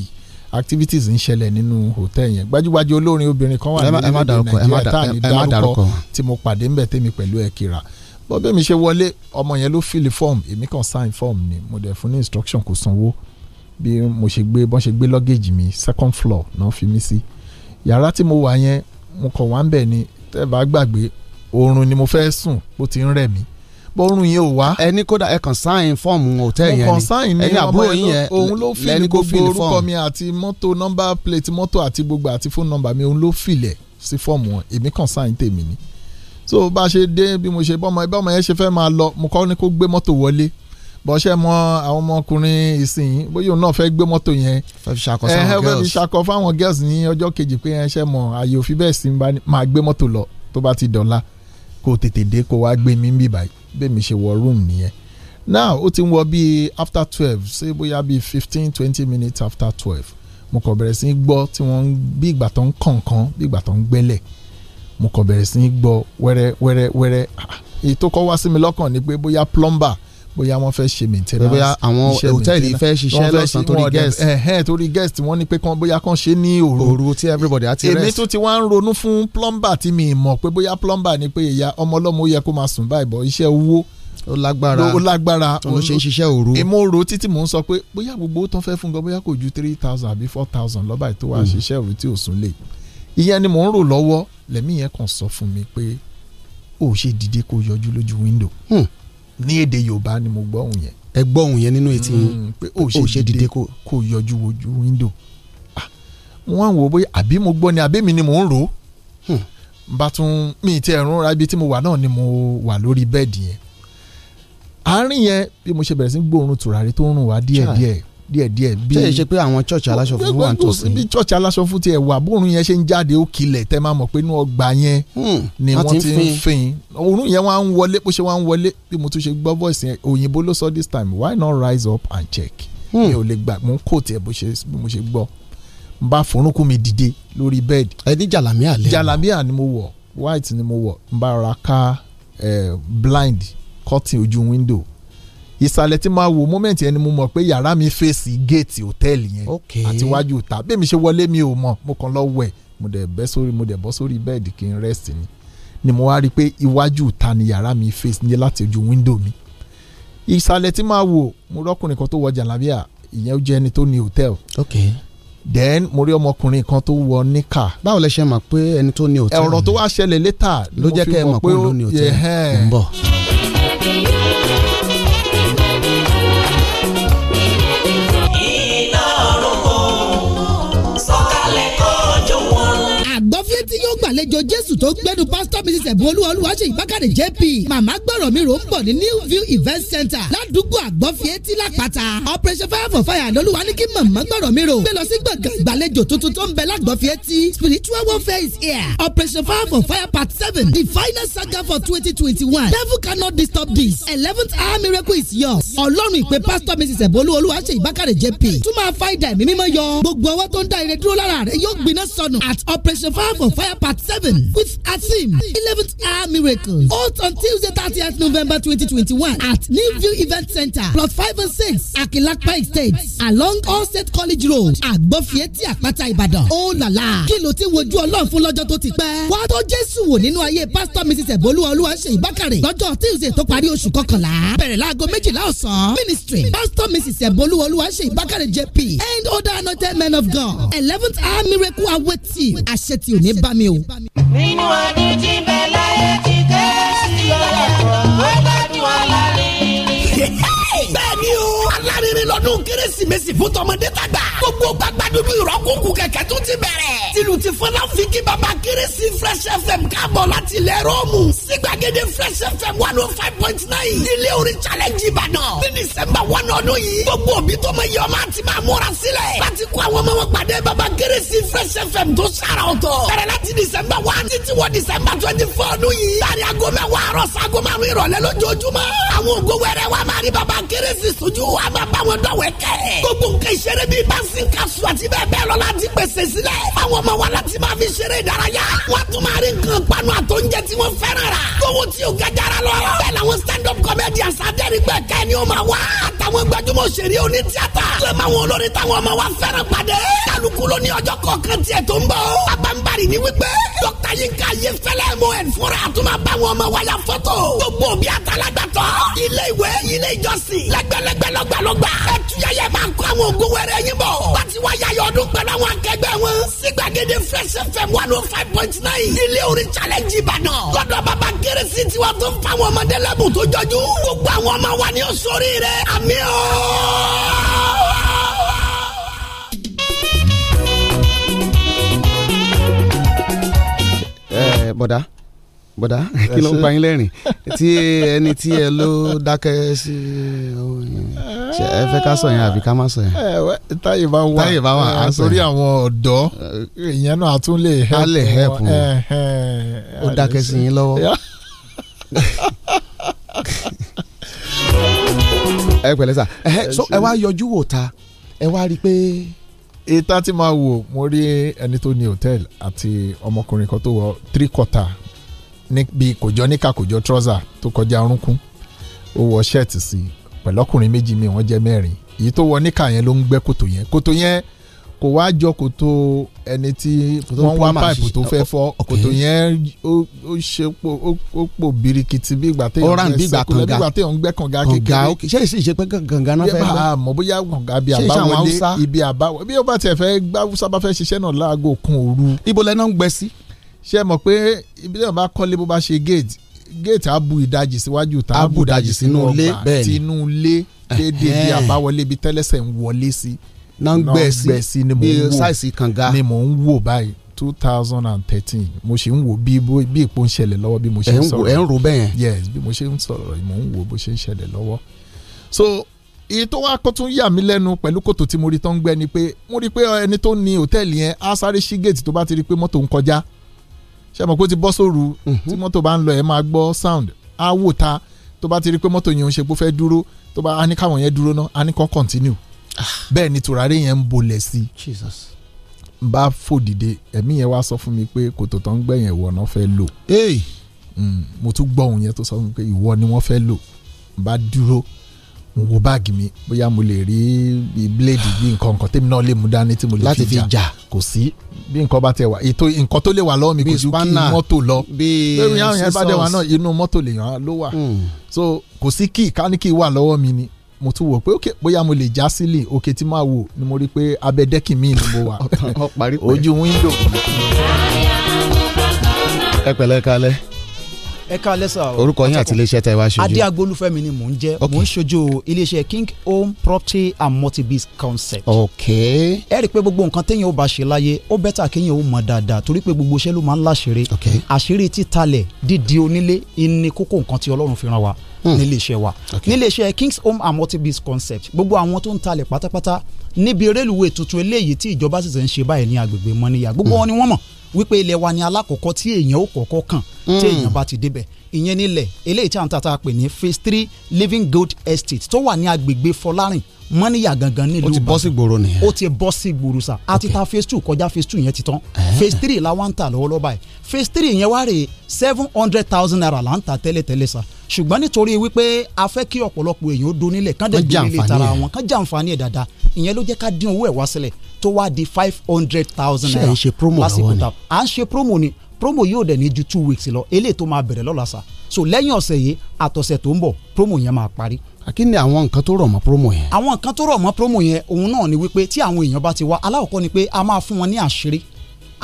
activities ń ṣẹlẹ̀ nínú hòtẹ́ẹ̀lì yẹn gbajúgbajù olórin obìnrin kan wà ní nàìjíríà tá à ní dárúkọ tí mo pàdé ńbẹ tèmi pẹ̀lú ẹ̀ kíra bó bẹ́ẹ̀ mi ṣe wọlé ọmọ yẹn ló fìlì form èmi kàn sign form ni mo dẹ̀ fún ní instruction kò sanwó bí mo ṣe gbé bọ́n ṣe gbé luggage mi second floor náà fi mí sí yàrá tí mo wà yẹn mo kàn wá ń bẹ̀ ni tẹ́ bá gbàgbé oorun ni mo fẹ́ sùn bó ti ń rẹ̀ mí bọ́rùn yẹn ò wá ẹni kódà ẹ kàn sáìn fọ́ọ̀mù hòtẹ́ẹ̀lì yẹn ni mo kàn sáìn ní ọmọ òun ló fìlì gbogbo orúkọ mi àti mọ́tò nọ́mbà plate mọ́tò àti gbogbo àti fóònù nọ́mbà mi òun ló fìlẹ̀ sí fọ́ọ̀mù wọn èmi kàn sáìn tèmi ni so bá a ṣe dé bí mo ṣe bọ́mọ ẹbí ọmọ yẹn ṣe fẹ́ máa lọ mo kọ́ ni kó gbé mọ́tò wọlé bọ́sẹ̀ mọ àwọn ọmọkùnrin ìsìn bóyá òun náà fẹ́ gbé mọ́tò yẹn fẹ́ fi ṣakọ fáwọn girls ní ọjọ́ kejì pé ẹ ṣe mọ àyè òfin bẹ́ẹ̀ sì máa gbé mọ́tò lọ tó bá ti dọ̀la kó tètè dé kó wá gbé mi ń bì báyìí bẹ́ẹ̀ mi ṣe wọ room nìyẹn now ó ti ń wọ bíi after twelve ṣé bóyá bíi fifteen twenty minutes after twelve mo kàn bẹ̀rẹ̀ sí í gbọ́ tí wọ́n bí ìgbà tó ń kànkan bí ìgbà tó ń gbẹ́lẹ̀ mo kàn bẹ̀rẹ̀ sí í gbọ́ wẹ́rẹ́ wẹ́rẹ́ wẹ́rẹ́ ah, èyí tó kọ́ wá sí mi lọ́kàn ni pé bóyá plumber bóyá wọ́n fẹ́ ṣe maintenance bóyá àwọn hòtẹ́ẹ̀lì fẹ́ ṣiṣẹ́ lọ́sàn-án torí guest ẹ̀hẹ́n torí guest wọ́n ní pé kan bóyá kan ṣe ní òru òru tí everybody á ti rest èmi tún ti wá ń ronú fún plumber tí mi mọ̀ pé bóyá plumber ni pé ìyá ọmọ ọlọ́mọ ó yẹ kó máa sùn báyìí bọ̀ iṣẹ́ owó ó lágbára ó lágbára ó ṣe ń ṣiṣẹ́ òru èmo ro títí mò ń sọ pé bóyá gbogbo ó tán fẹ́ fún gan bóyá kò ju three thousand àbí four thousand lọ́ba ètò wa ṣiṣẹ́ òru tí ò sùn lè ìyẹn ni mò ń rò lọ́wọ́ lẹ́mí yẹn kàn sọ fún mi pé ó ṣe dìde kó yọjú lójú window. Hmm ní èdè yorùbá ni mo gbọ́ ohùn yẹn. ẹ gbọ́ ohùn yẹn nínú etí yín mm, pé ó ṣe dìde kó yọjú wojú windo ah, mo wá bóyá àbí mo gbọ́ ni àbí mi ni mò ń rò ó hmm. bá tún mi ti ẹ̀rún ra ibi tí mo wà náà ni mo wà lórí bẹ́ẹ̀dì yẹn àárín yẹn bí mo ṣe bẹ̀rẹ̀ sí gbóòórùn tùràrí tó ń rùn wá díẹ̀díẹ̀ díẹ̀díẹ̀ bí. tẹ́ ẹ ṣe pé àwọn church aláṣọ funfun wà ń tòsí. bí church aláṣọ funfun tiẹ̀ wà bóorun yẹn ṣe ń jáde ó kilẹ̀ tẹ́ máa mọ̀ pé inú ọgbà yẹn hmm, ni wọ́n ti ń fin òórùn yẹn wá ń wọlé bó ṣe wá ń wọlé bí mo tún ṣe gbọ́ voice yẹn òyìnbó ló sọ this time why not rise up and check. Hmm. mi ò lè gbà mo ń kò tiẹ̀ bó ṣe bí mo ṣe gbọ́ n bá forúnkún mi dìde lórí bẹ́ẹ̀dì. ẹ ní jàlámíà lẹ́nu jàlámíà ni mo wọ̀ white ni mo wọ̀ n bá ra ká eh, blind curtain ojú window ìsàlẹ̀ tí máa wò moment yẹn mo mọ̀ pé yàrá mi fèsì géètì hòtẹ́ẹ̀lì yẹn àti iwájú ìta bẹ́ẹ̀ mi ṣe wọlé mi ò mọ̀ mo kàn lọ wẹ̀ mo dẹ̀ bẹ́ sórí mo dẹ̀ bọ́ sórí bẹ́ẹ̀dì kí n rest ni ni mo wá rí i pé iwájú ìta ni yàrá mi fèsì ní láti ojú window mi ìsàlẹ̀ tí máa wò mo rọ́kùnrin kan tó wọ jàlábíà ìyẹn jẹ́ ẹni tó ní hòtẹ́ẹ̀lì then mo rí ọmọkùnrin kan tó wọ níkà. báwo lẹ ṣe mọ̀ pé ẹni tó ní hòtẹ́ẹ̀lì ọ̀rọ̀ tó wá ṣẹlẹ̀ létà ló jẹ́ kẹ́ ẹ mọ̀ pé ó ní hòtẹ́ẹ̀lì ń bọ̀. ìjọ jésù tó gbẹ́nu pásítọ̀ mrs ẹ̀bùn olúwolúwa ṣe ìbákàdé jp màmá gbọ́rọ̀ mi rò ń bọ̀ ní new view event center ládùúgbò àgbọ̀fìẹ́tì làpàtà operation fire for fire lọ́lúwa ní kí màmá gbọ́rọ̀ mi rò gbé lọ sí gbọ̀ngàn ìgbàlejò tuntun tó ń bẹ lágbọ̀fìẹ́tì spiritual warfare is here operation fire for fire part seven the final saga for twenty twenty one devil cannot disturb this eleventh hour miracle is yours ọlọ́run ìpè pásítọ̀ mrs ẹ̀bùn olúwolúwa ṣe ìbákàdé jp tún máa fa ìdá ẹ̀mí mímọ́ yọ gbogbo ọwọ́ tó ń dá ire dúró lára rẹ̀ yóò gbiná sọnù at operation fire for fire part seven 11 with Asim 11th Hour Miracles. Out on Tuesday 30th November 2021 at Newview Event Center, plot 5 and 6, Akilakpa Estate, along All State College Road, at Agbofieti Apata Ibadan. Oh la la! Kí ló ti wojú Ọlọ́run fún lọ́jọ́ tó ti pẹ́? Wá tó Jésù wo nínú ayé Pastor Mrs. Ẹ̀bọ́lú Olúwaṣeyì Bákàrẹ̀ lọ́jọ́ Tuesday tó parí oṣù kọkànlá. Bẹ̀rẹ̀ láago méjìlá ọ̀sán. Ministry Pastor Mrs. Ẹ̀bọ́lú Olúwaṣeyì Bákàrẹ̀ JP and other anointed men of God. 11th hour miracle awaits you. Àṣẹ tí ò ní bá mi o nínú ẹni tí bẹ́ẹ̀. wà lárinrin lọ́dún kérésìmesì fún tọmọdé tàgbà. gbogbo gbàgbádùn ìrọ́kùnkùn kẹ̀kẹ́ tún ti bẹ̀rẹ̀. tìlù ti fọlá fi kí baba kérésì fresh fm káàbọ̀ láti ilẹ̀ rọ́ọ̀mù sí fresh fm one oh five point nine ilé orin challenge ìbàdàn ní dísẹ́mbà one ọdún yìí gbogbo òbí tó mọ iye ọmọ àti máa múra sílẹ̀ láti kó àwọn ọmọ wọn pàdé baba kérésì fresh fm tó sára ọ̀tọ̀ bẹ̀rẹ̀ láti dísẹ́mbà one títí wọ dísẹ́mbà twenty four ọdún yìí láàrin aago mẹ́wàá àárọ̀ ìrọ̀lẹ́ lójoojúmọ́ àwọn ògo wẹrẹ wa máa rí baba kérésì sójú wa wàá máa bá wọn dọ̀wẹ́ kẹ́. gbogbo nǹkan ìṣeré bíi báńsì kaṣu àti bẹ́ẹ̀ bẹ́ẹ̀ lọ láti pèsè sílẹ̀. àwọn ọmọ wa láti máa fi ṣeré ìdárayá. wọ́n tún máa rí nǹkan panu àtọ́njẹ tí wọ́n fẹ́ràn rà. gbogbo tí o gajara lọ. bẹ́ẹ̀ làwọn stand up comedians adẹ́rìgbẹ́ kẹ́ ni ó máa wá. àtàwọn gbajúmọ̀ òṣèré oní tíátà. lẹ́mọ̀ àwọn olórí táwọn ọmọ wa fẹ́ràn pàdé. kálukú ló ní ọjọ́ kọ̀ọ̀kan ni wípé dókítà Yinka Ayéfẹ́lẹ́ mo ẹ̀ fúnra àtúmọ̀ bá àwọn ọmọ wa ya fọ́tò. gbogbo òbí àtàlágbàtọ́. ilé gbà ló gbà. ẹ máa ń àwọn ògo wẹrẹ yín bọ̀. láti wá yayọ̀ ọdún pẹ̀lú àwọn akẹgbẹ́ wọn. sígbàgede fresh fm one oh five point nine. ilé orin challenge ìbàdàn. lọ́dọ̀ bàbá kérésì tiwa tó ń fa àwọn ọmọdé lẹ́bùn tó jọjú. gbogbo àwọn ọmọ wa ni ó sórí rẹ̀. àmì ọ̀. bọ̀dá bọ̀dá kí ló ń pa yín lẹ́rìn tí ẹni tí ẹ ló dákẹ́ sí ṣe ẹ fẹ́ ká sọ yẹn àbí ká má sọ yẹn. táyé bá wà táyé bá wà á sọ torí àwọn ọ̀dọ́ ìyẹn náà a tún lè help. a lè help wọn ó dákẹ́ sí yín lọ́wọ́. ẹ pẹ̀lẹ́ sà ẹ wá yọjú wò ta ẹ wá rí i pé ìta tí máa wò mo rí ẹni tó ní hòtẹ́ẹ̀lì àti ọmọkùnrin kan tó wọ tíríkọ̀tà níbi kòjọ níkà kòjọ trọ́sà tó kọjá orúnkún ó wọ ṣẹ́ẹ̀tì sí i pẹ̀lú ọkùnrin méjì mi wọ́n jẹ́ mẹ́rin èyí tó wọ níkà yẹn ló ń gbẹ́ kòtò yẹn kòtò yẹn kò wá jọ kòtò ẹni tí wọ́n wá páìpù tó fẹ́ fọ́ kòtò yẹn ó ṣe ó pò birikiti bí ìgbà téèyàn ń gbẹ́ sẹ́kùlẹ̀ bí ìgbà téèyàn ń gbẹ́ kànga kékeré. ṣé èsì ìṣe pé kànga náà fẹ́ gbà. àmọ́ bóyá kànga bí àbáwọlé ibi àbáwọlé bí ó bá tiẹ̀ fẹ́ gbáwúsá bá fẹ́ ṣiṣẹ́ náà láago kun òru. ibo lẹ́nu ń gbẹ sí ṣé mọ̀ pé ibi tí wọ́n bá kọ́lé bó bá ṣe géètì géètì abu ìdajì síwájú ta abu ìdajì sínú ilé bẹ́ẹ̀ ni tinú ilé déédéé bí àbáwọlé ibi tẹ́lẹ̀sẹ̀ ń wọlé sí náà ń gbẹ sí ni mò ń wò bí sáìsì kànga ni mò ń wò báyìí two thousand and thirteen mo ṣe ń wò bí bí ìpò ń ṣẹlẹ̀ lọ́wọ́ bí mo ṣe ń sọ̀rọ̀ ẹ̀ ń ro bẹ́ẹ̀ yes bí mo ṣe ń sọ̀rọ̀ mò ń wò bó ṣe ń ṣẹlẹ̀ lọ́wọ́ so èyí tó wá kó tún yà mí lẹ́nu pẹ̀lú kòtò tí mo rí tó ń gbẹ ni pé mo rí pé ẹni tó ní hòtẹ́ẹ̀lì yẹn á sáré sí géètì tó bá ti rí pé mọ́tò ń kọjá ṣé mo kó ti bọ́ sóru mhm. tí mọ́tò bá ń lọ ẹ̀ máa gbọ́ sound á wò ta tó bá ti rí pé mọ́tò yẹn ń ṣe pé ó fẹ́ dúró tó bá a ní káwọn yẹn dúró náà a ní kàn continue ah. bẹ́ẹ̀ ni tùràrí yẹn ń bolẹ̀ sí i bá fò dìde ẹ̀mí yẹn wá sọ fún mi pé kòtò tó ń gbẹ̀yìn ẹ̀wọ̀ náà fẹ́ lò hmm, mo tún gbọ́ òun yẹn tó sọ fún mi pé ìwọ ni wọ́n fẹ́ lò bá dúró mo wo báàgì mi bóyá mo lè rí bíi bíléèdì bíi nǹkan nǹkan tèmi náà lè mú dání tí mo lè fi jà kò sí bí nǹkan bá tẹ wà ètò nǹkan tó lè wà lọ́wọ́ mi kò ju kí mọ́tò lọ lórí àwọn yẹn bá dẹ̀ wà náà inú mọ́tò lèèyàn ló wà hmm. so kò sí kí káníkì wà lọ́wọ́ mi ni mo tún wò pé ok bóyá mo lè já sílẹ̀ ok tí máa wò ni mo rí pé abẹ́dẹ́kì mi ni mo wà ojú wíńdò. ẹ pẹ̀lẹ́ kalẹ́ ẹ ká lẹ́sà o. orúkọ yín àti iléeṣẹ́ tẹ́ ẹ wá ṣojú. adé agbolúfẹ́mi ni mò ń jẹ́ mò ń ṣojú iléeṣẹ́ king home property and multi-biz concept. ok. ẹ rí i pé gbogbo nǹkan téèyàn ò bá ṣe láyé ó bẹ́tà kéèyàn ó mọ̀ dáadáa torí pé gbogbo iṣẹ́ ló máa ń láṣìírí. ok àṣírí títalẹ̀ dídi onílé ìní kókó nǹkan tí ọlọ́run fi ràn wá hmm. nílé wa nílé iṣẹ́ King's Home and multi-biz concept gbogbo àwọn tó ń talẹ̀ pátápátá níbi rélùwé tuntun eléyìí tí ìjọba ṣẹ̀ṣẹ̀ ń ṣe báyìí ní agbègbè mọ́níyà gbogbo hmm. wọn ni wọ́n mọ̀ wípé ilẹ̀ wa ni alákọ̀ọ́kọ́ tí èèyàn ó kọ́kọ́ kàn mm. tí èèyàn bá ti débẹ̀ ìyẹn nílẹ̀ eléyìí tí à ń tata pè ní phase three living gold estate tó wà ní agbègbè fọlárìn mọ́níyà gangan nílùú ìbàdàn ó ti bọ́ sí gbòòrò nìyẹn ó ti bọ́ sí gbòòrò sa a ti ta phase two kọjá phase two yẹn ti tán phase three la wá ń tà lọ́wọ́lọ́wọ́ báyìí phase three yẹn wá rè seven hundred thousand naira la ń tà tẹ́lẹ̀tẹ́lẹ̀ sa ṣùgbọ́n nítorí wípé a fẹ́ kí ọ̀pọ̀lọpọ̀ èèyàn ó donílẹ̀ kán dẹ̀ donílẹ̀ tara wọn kán jẹ àǹfààní ẹ̀ dáadáa ìyẹn ló jẹ́ ká dín owó ẹ̀ wá sílẹ̀ tó wá di five hundred thousand naira lásìkò tá à ń ṣe promo ni promo yóò dẹ̀ ní ju two weeks lọ eléyìí tó máa bẹ̀rẹ̀ lọ́la sa so lẹ́yìn ọ̀sẹ̀ yìí àtọ̀sẹ̀ tó ń bọ̀ promo yẹn máa parí. kí ni àwọn nǹkan tó rọ̀ mọ́ promo yẹn. àwọn nǹkan tó rọ̀ mọ́ promo yẹn òun náà ni wípé tí àwọn èèyàn bá ti wá aláwọ̀kọ́ ni pé a máa fún wọn ní àṣírí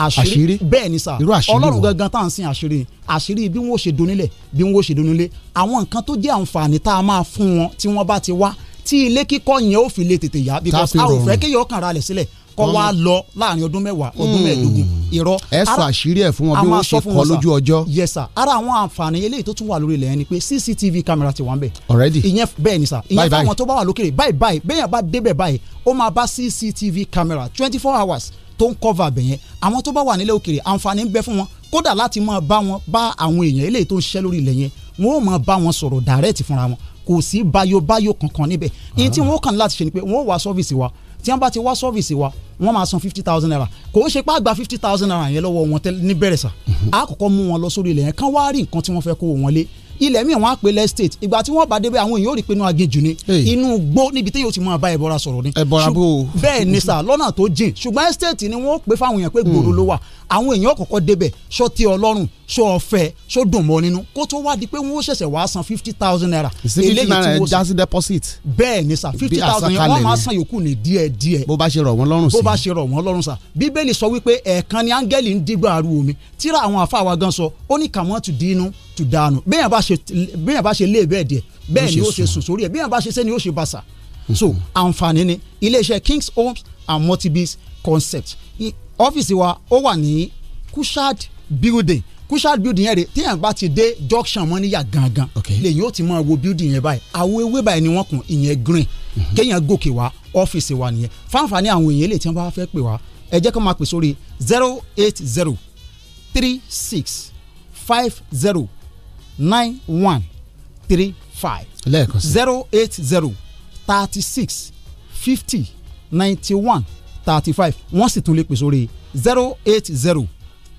àṣírí bẹ́ẹ̀ ni sà ọlọ́run gangan tá à ń sin àṣírí àṣírí bí wọ́n ṣe donílẹ̀ bí wọ́n ṣe donílẹ̀ àwọn nǹkan tó jẹ́ àǹfààní tá a máa fún wọn tí wọ́n bá ti wá tí ilé kíkọ́ yẹn ó fi lè tètè yá because a ò fẹ́ kéèyàn kàn ra lẹ̀ sílẹ̀ kọ́ wa lọ láàrin ọdún mẹ́wàá ọdún hmm. mẹ́ẹ̀ẹ́dógún irọ́. ẹ sọ àṣírí ẹ fún wọn bí wọn ṣe kọ lójú ọjọ́. yes sir ara àwọn àǹfààní eléyìí tó tún wà lórí ilẹ̀ yẹn ni pé cctv camera ti wà ń bẹ̀. already ìyẹn bẹ́ẹ̀ ni sà ìyẹn fáwọn tó bá wà lókèrè báyìí báyìí bẹ́ẹ̀ yẹn bá débẹ̀ báyìí ó máa bá cctv camera twenty four hours tó ń cover abẹ yẹn àwọn tó bá wà nílẹ̀ òkèèrè àǹfààní ń bẹ fún wọn kódà láti máa bá wọn bá àwọn èèyàn eléyìí tó ń ṣiṣẹ́ lórí ilẹ̀ yẹn wọn ò máa bá wọn sọ̀rọ̀ direct fúnra wọn kò sí báyọ̀báyọ̀ kankan níbẹ̀ èyí tí wọ́n kàn láti ṣe ni pé wọ́n wá sọ́fíìsì wa tí wọ́n bá ti wá sọ́fíìsì wa wọ́n máa san fifty thousand naira kò ó ṣe pé àgbà fifty thousand naira yẹn lọ́wọ́ wọn ní bẹ̀rẹ̀ sà á kọ́kọ́ mú wọn lọ sórí ilẹ̀ yẹn kán wá rí nǹkan tí wọ́n fẹ́ kó wọn lé ilẹ̀ mi wọ́n á pè lẹ́stéètì ìgbà tí wọ́n bá débẹ̀ àwọn èèyàn ò rí pinnu aginjù ni inú gbó níbi téèyàn ti máa bá ẹ̀bọra sọ̀rọ̀ ni ẹ̀bọra bó o bẹ́ẹ̀ ni sà lọ́nà tó jìn ṣùgbọ́n ẹ́stéètì ni wọ́n pè fáwọn èèyàn pé gbòòrò hmm. ló wà àwọn èèyàn kọ̀kọ́ débẹ̀ sọ ti ọlọ́run sọ ọ̀fẹ́ sọ dùn nínú kó tó wá di pé wọ́n ṣẹ̀ṣẹ̀ wá san fifty thousand naira eléyìí tí wọ́n san deposit bẹ́ẹ̀ ni sà fifty thousand yẹn wọ́n máa san yòókù ní díẹ̀ díẹ̀ bó bá ṣe rọ̀ wọ́n lọ́rùn sí bó bá ṣe rọ̀ wọ́n lọ́rùn sà bíbélì sọ wípé ẹ̀ẹ̀kan ni áńgẹ́lì ń dígbà arú omi tíra àwọn àfa àwa gan sọ ó ní kàmọ́tù dínú tù dànù bẹ́ẹ̀ bá ṣe lé bẹ́ẹ̀ díẹ̀ bẹ́ẹ̀ ni ó ṣe sùn sórí ẹ̀ bẹ́ẹ̀ bá ṣe sẹ́ ó ṣe bàṣà mm-hmm. so àǹfààní ni iléeṣẹ́ King's Homes and multibis concept ọ́fíìsì wa ó wà ní Kushad building Kushad building yẹn rè téèyàn bá ti dé junction mọ́níyà gangan lẹ́yìn ó ti máa wo building yẹn báyìí àwo ewé báyìí ni wọ́n kùn ìyẹn green mm-hmm. kéèyàn gòkè wá ọ́fíìsì wa nìyẹn fáǹfààní àwọn èèyàn lè tí wọ́n bá fẹ́ pè wá ẹ jẹ́ kó máa pè sórí zero eight zero three six five zero nine one three five lẹ́ẹ̀kan sí zero eight zero thirty six fifty ninety one thirty five wọ́n sì tún lè pè sórí zero eight zero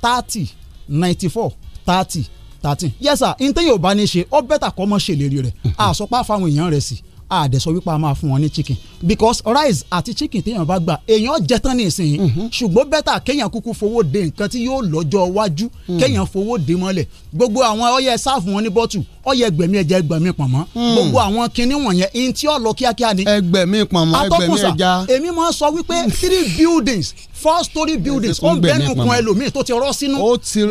thirty ninety four thirty thirteen yes sir ntẹ́yìn ò bá ní ṣe ọ bẹ́tà kọ́ mọ́ ṣèlérí rẹ̀ àsọpá hmm. fáwọn èèyàn rẹ̀ sí àdẹ̀sọ wípé a máa fún wọn ní chicken because rice àti chicken téèyàn bá gbà èèyàn jẹ tán nísìnyí mhm. ṣùgbọ́n bẹ́tà kéèyàn kúkú fowó de nǹkan tí yóò lọ́jọ́ iwájú hmm. kéèyàn fowó de mọ́lẹ̀ gbogbo àwọn ọyẹ sáàfù wọn ní bọ́tù ọyẹ ẹgbẹ̀mí ẹja ẹgbẹ̀mí pọ̀nmọ́ hmm. gbogbo àwọn kinní wọ̀nyẹn ihun tí ó lọ kíákíá ni. ẹgbẹ̀mí pọ̀nmọ́ ẹgbẹ̀mí ẹja èmi máa sọ wípé three buildings four story buildings ó ń bẹnu kun ẹlòmíì tó ti rọ́ sínú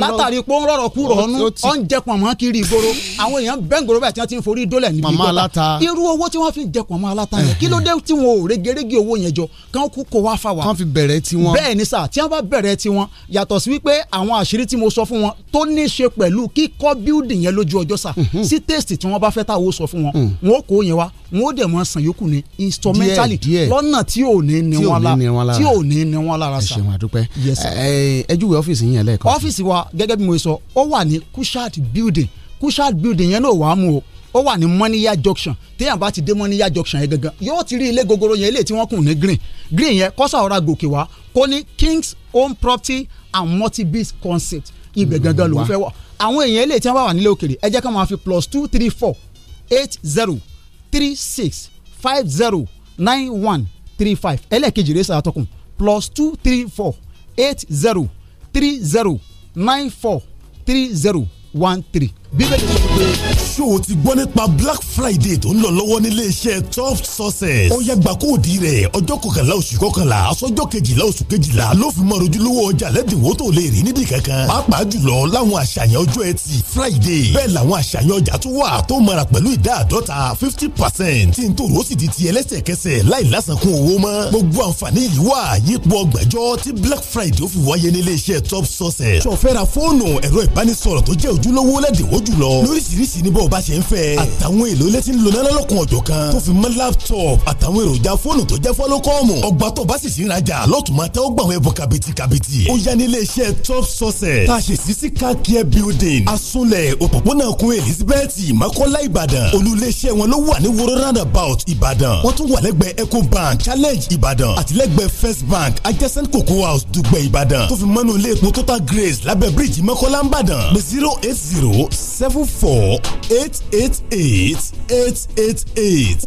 látàrí pé ó ń rọ̀rọ̀ kú rọ̀ọ́nú ó ń jẹ pọ̀nmọ́ kiri ìgboro àwọn èèyàn bẹ́ngboro báyìí tí wọ́n ti ń forí dólẹ̀ níbi ìgbọ́ta irú owó tí wọ́n fi ń jẹ pọ̀nmọ́ aláta yẹn kí ló dé tí wọn ò regerege owó yẹn jọ kán kú kó wá fà wá. kán fi bẹ̀rẹ̀ tiwọn. bẹ́ẹ̀ ni sà tí wọ́n bá bẹ̀rẹ̀ tiwọn yàtọ̀ sí wípé àwọn àṣírí tí mo sọ fún wọn tó ní í ṣe pẹ̀lú kíkọ́ building yẹn lójú ọjọ́ sà mhm. Hmm. sí tèèstì tí wọ́n bá fẹ́ táwo sọ fún wọn hmm. wọn ó kó yẹn wá wọn ó dẹ̀ mọ́ san yòókù ní instrumentally lọ́nà tí ò ní ní wọn lára tí ò ní ní wọn lára sa. ẹ ṣeun àdúpẹ́ ẹ júwe ọ́fíìsì yín lẹ́ẹ̀kan. ọ́fíìsì wa gẹ́gẹ́ bí mo sọ ó wà ní Kushad building Kushat building yẹn náà wàá mú o ó wà ní mọ́níyà junction téèyàn bá ti dé mọ́níyà junction yẹn gangan yóò ti rí ilé gogoro yẹn ilé tí wọ́n kùn ní green green yẹn kọ́sà ọ̀rá gòkè wá kó ní King's Home Property and Multi-Biz Concept ibẹ̀ hmm, gangan ló ń fẹ́ wọ̀ àwọn èèyàn eléyìí tí wọ́n bá wà nílé òkèrè ẹ jẹ́ ká máa fi plus two three four eight zero three six five zero nine one three five ẹlẹ́ẹ̀kejì rẹ̀ sàrà tọkùn plus two three four eight zero three zero nine four three zero one three bíbélì sọ pé. ṣé ti gbọ́ nípa black friday tó ń lọ lọ́wọ́ nílé iṣẹ́ top success. ó yàgbà kó di rẹ̀ ọjọ́ kọkànlá oṣù kọkànlá aṣọ́jọ́ kejìlá oṣù kejìlá ló fi máa rojúlówó ọjà lẹ́dínwó tó lè rí nídìí kankan. pàápàá jùlọ láwọn àṣàyàn ọjọ́ ẹtì friday bẹ́ẹ̀ làwọn àṣàyàn ọjà tó wà tó mara pẹ̀lú ìdá àdọ́ta fifty percent tí n tó rò sì di ti ẹlẹ́sẹ̀kẹsẹ̀ láì lásàkún owó mọ́. gbogbo àǹfààní yìí wà yípo ọgbàjọ́ tí black friday ó fi wáyé nílé iṣẹ́ top success. sọfẹ́ra fóònù ẹ̀rọ ìbánisọ̀rọ̀ tó jẹ́ ojúlówó lẹ́dínwó lówó jùlọ lóríṣiríṣi ní bọ́ọ̀ bá ṣe ń fẹ́ àtàwọn èlò ilé tí ń lo náírà ọ̀jọ̀ kan tó fi mọ́ laptop àtàwọn èròjà fóònù tó jẹ́ fọ́lọ́kọ́ọ̀mù ọgbà tó bá sì sí ìrajà lọ́tùmọ̀ tẹ́ ó gbà wọ́n ẹbọ kàbìtì kàbìtì ó yá ní iléeṣẹ́ top sources tá a ṣe sí sí car care building asunlẹ̀ òpópónà kun elizabeth makola ìbàdàn olùléeṣẹ́ wọn ló wà ní woro roundabout ìbàdàn wọ́n tún wà lẹ́gbẹ̀ẹ́ eco bank challenge ìbàdàn àtìlẹ́gbẹ̀ẹ́ first bank adjacent cocoa house dùgbẹ̀ ìbàdàn tó fi mọ́nú ilé epo total grace lábẹ́ bíríìjì makola ìbàdàn zero eight zero seven four eight eight eight eight eight eight.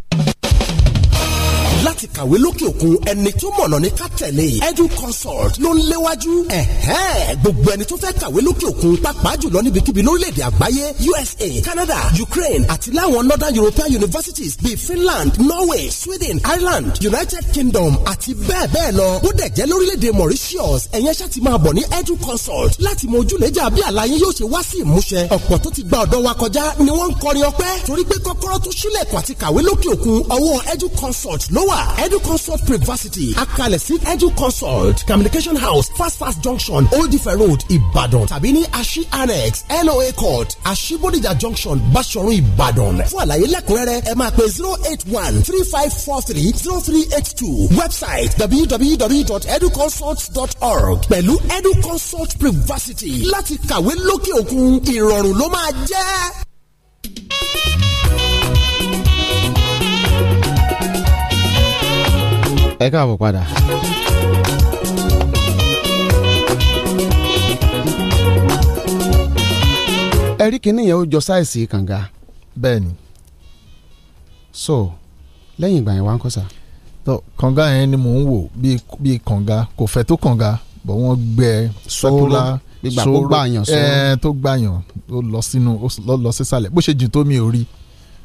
láti kàwé lókè òkun ẹni tó mọ̀nà ní ká tẹ̀lé edu consult ló ń léwájú ẹ̀hẹ́n gbogbo ẹni tó fẹ́ kàwé lókè òkun pàápàá jùlọ níbikíbi lórílẹ̀‐èdè àgbáyé USA Canada Ukraine àti láwọn northern European universities bíi Finland Norway Sweden Ireland United Kingdom àti bẹ́ẹ̀ bẹ́ẹ̀ lọ bó dẹ̀ jẹ́ lórílẹ̀‐èdè Mauritius ẹ̀yẹn ṣá ti máa bọ̀ ní edu consult láti mọ ojúlẹ̀jà bí àlàyé yóò ṣe wá sí ìmúṣẹ ọ̀pọ̀ tó ti gba ọ̀dọ́ wa kọjá ni wọ́n ń kọrin ọpẹ́ torí pé kọ́kọ́rọ́ tó ṣílẹ̀kùn àti kàwé lókè òkun ọwọ́ edu consult ló wà educonsult privacy akalẹ̀ sí educonsult communication house fast fast junction old ife road ìbàdàn tàbí ní ashi annex noa court ashibodija junction basọ̀run ìbàdàn fún àlàyé lẹ́kùnrẹ́rẹ́ ẹ máa pè zero eight one three five four three zero three eight two website www.educonsult.org pẹ̀lú educonsult privacy láti kàwé lókè òkun ìrọ̀rùn ló máa jẹ́. ẹ káàbọ̀ padà. ẹ̀rí kìíní yẹn ó jọ sáìsì kànga. bẹ́ẹ̀ni. so lẹ́yìn ìgbà yẹn wá ń kọ́ sa. tó kànga yẹn ni mò ń wò bíi bíi kànga kò fẹ́ tó kànga bọ̀ wọ́n gbẹ sọ́ọ́lá gbígbà tó gbàyàn sọ́ọ́lá ẹ̀ tó gbàyàn ó lọ sínú ó lọ sísàlẹ̀ bó ṣe jìn tó mi ò rí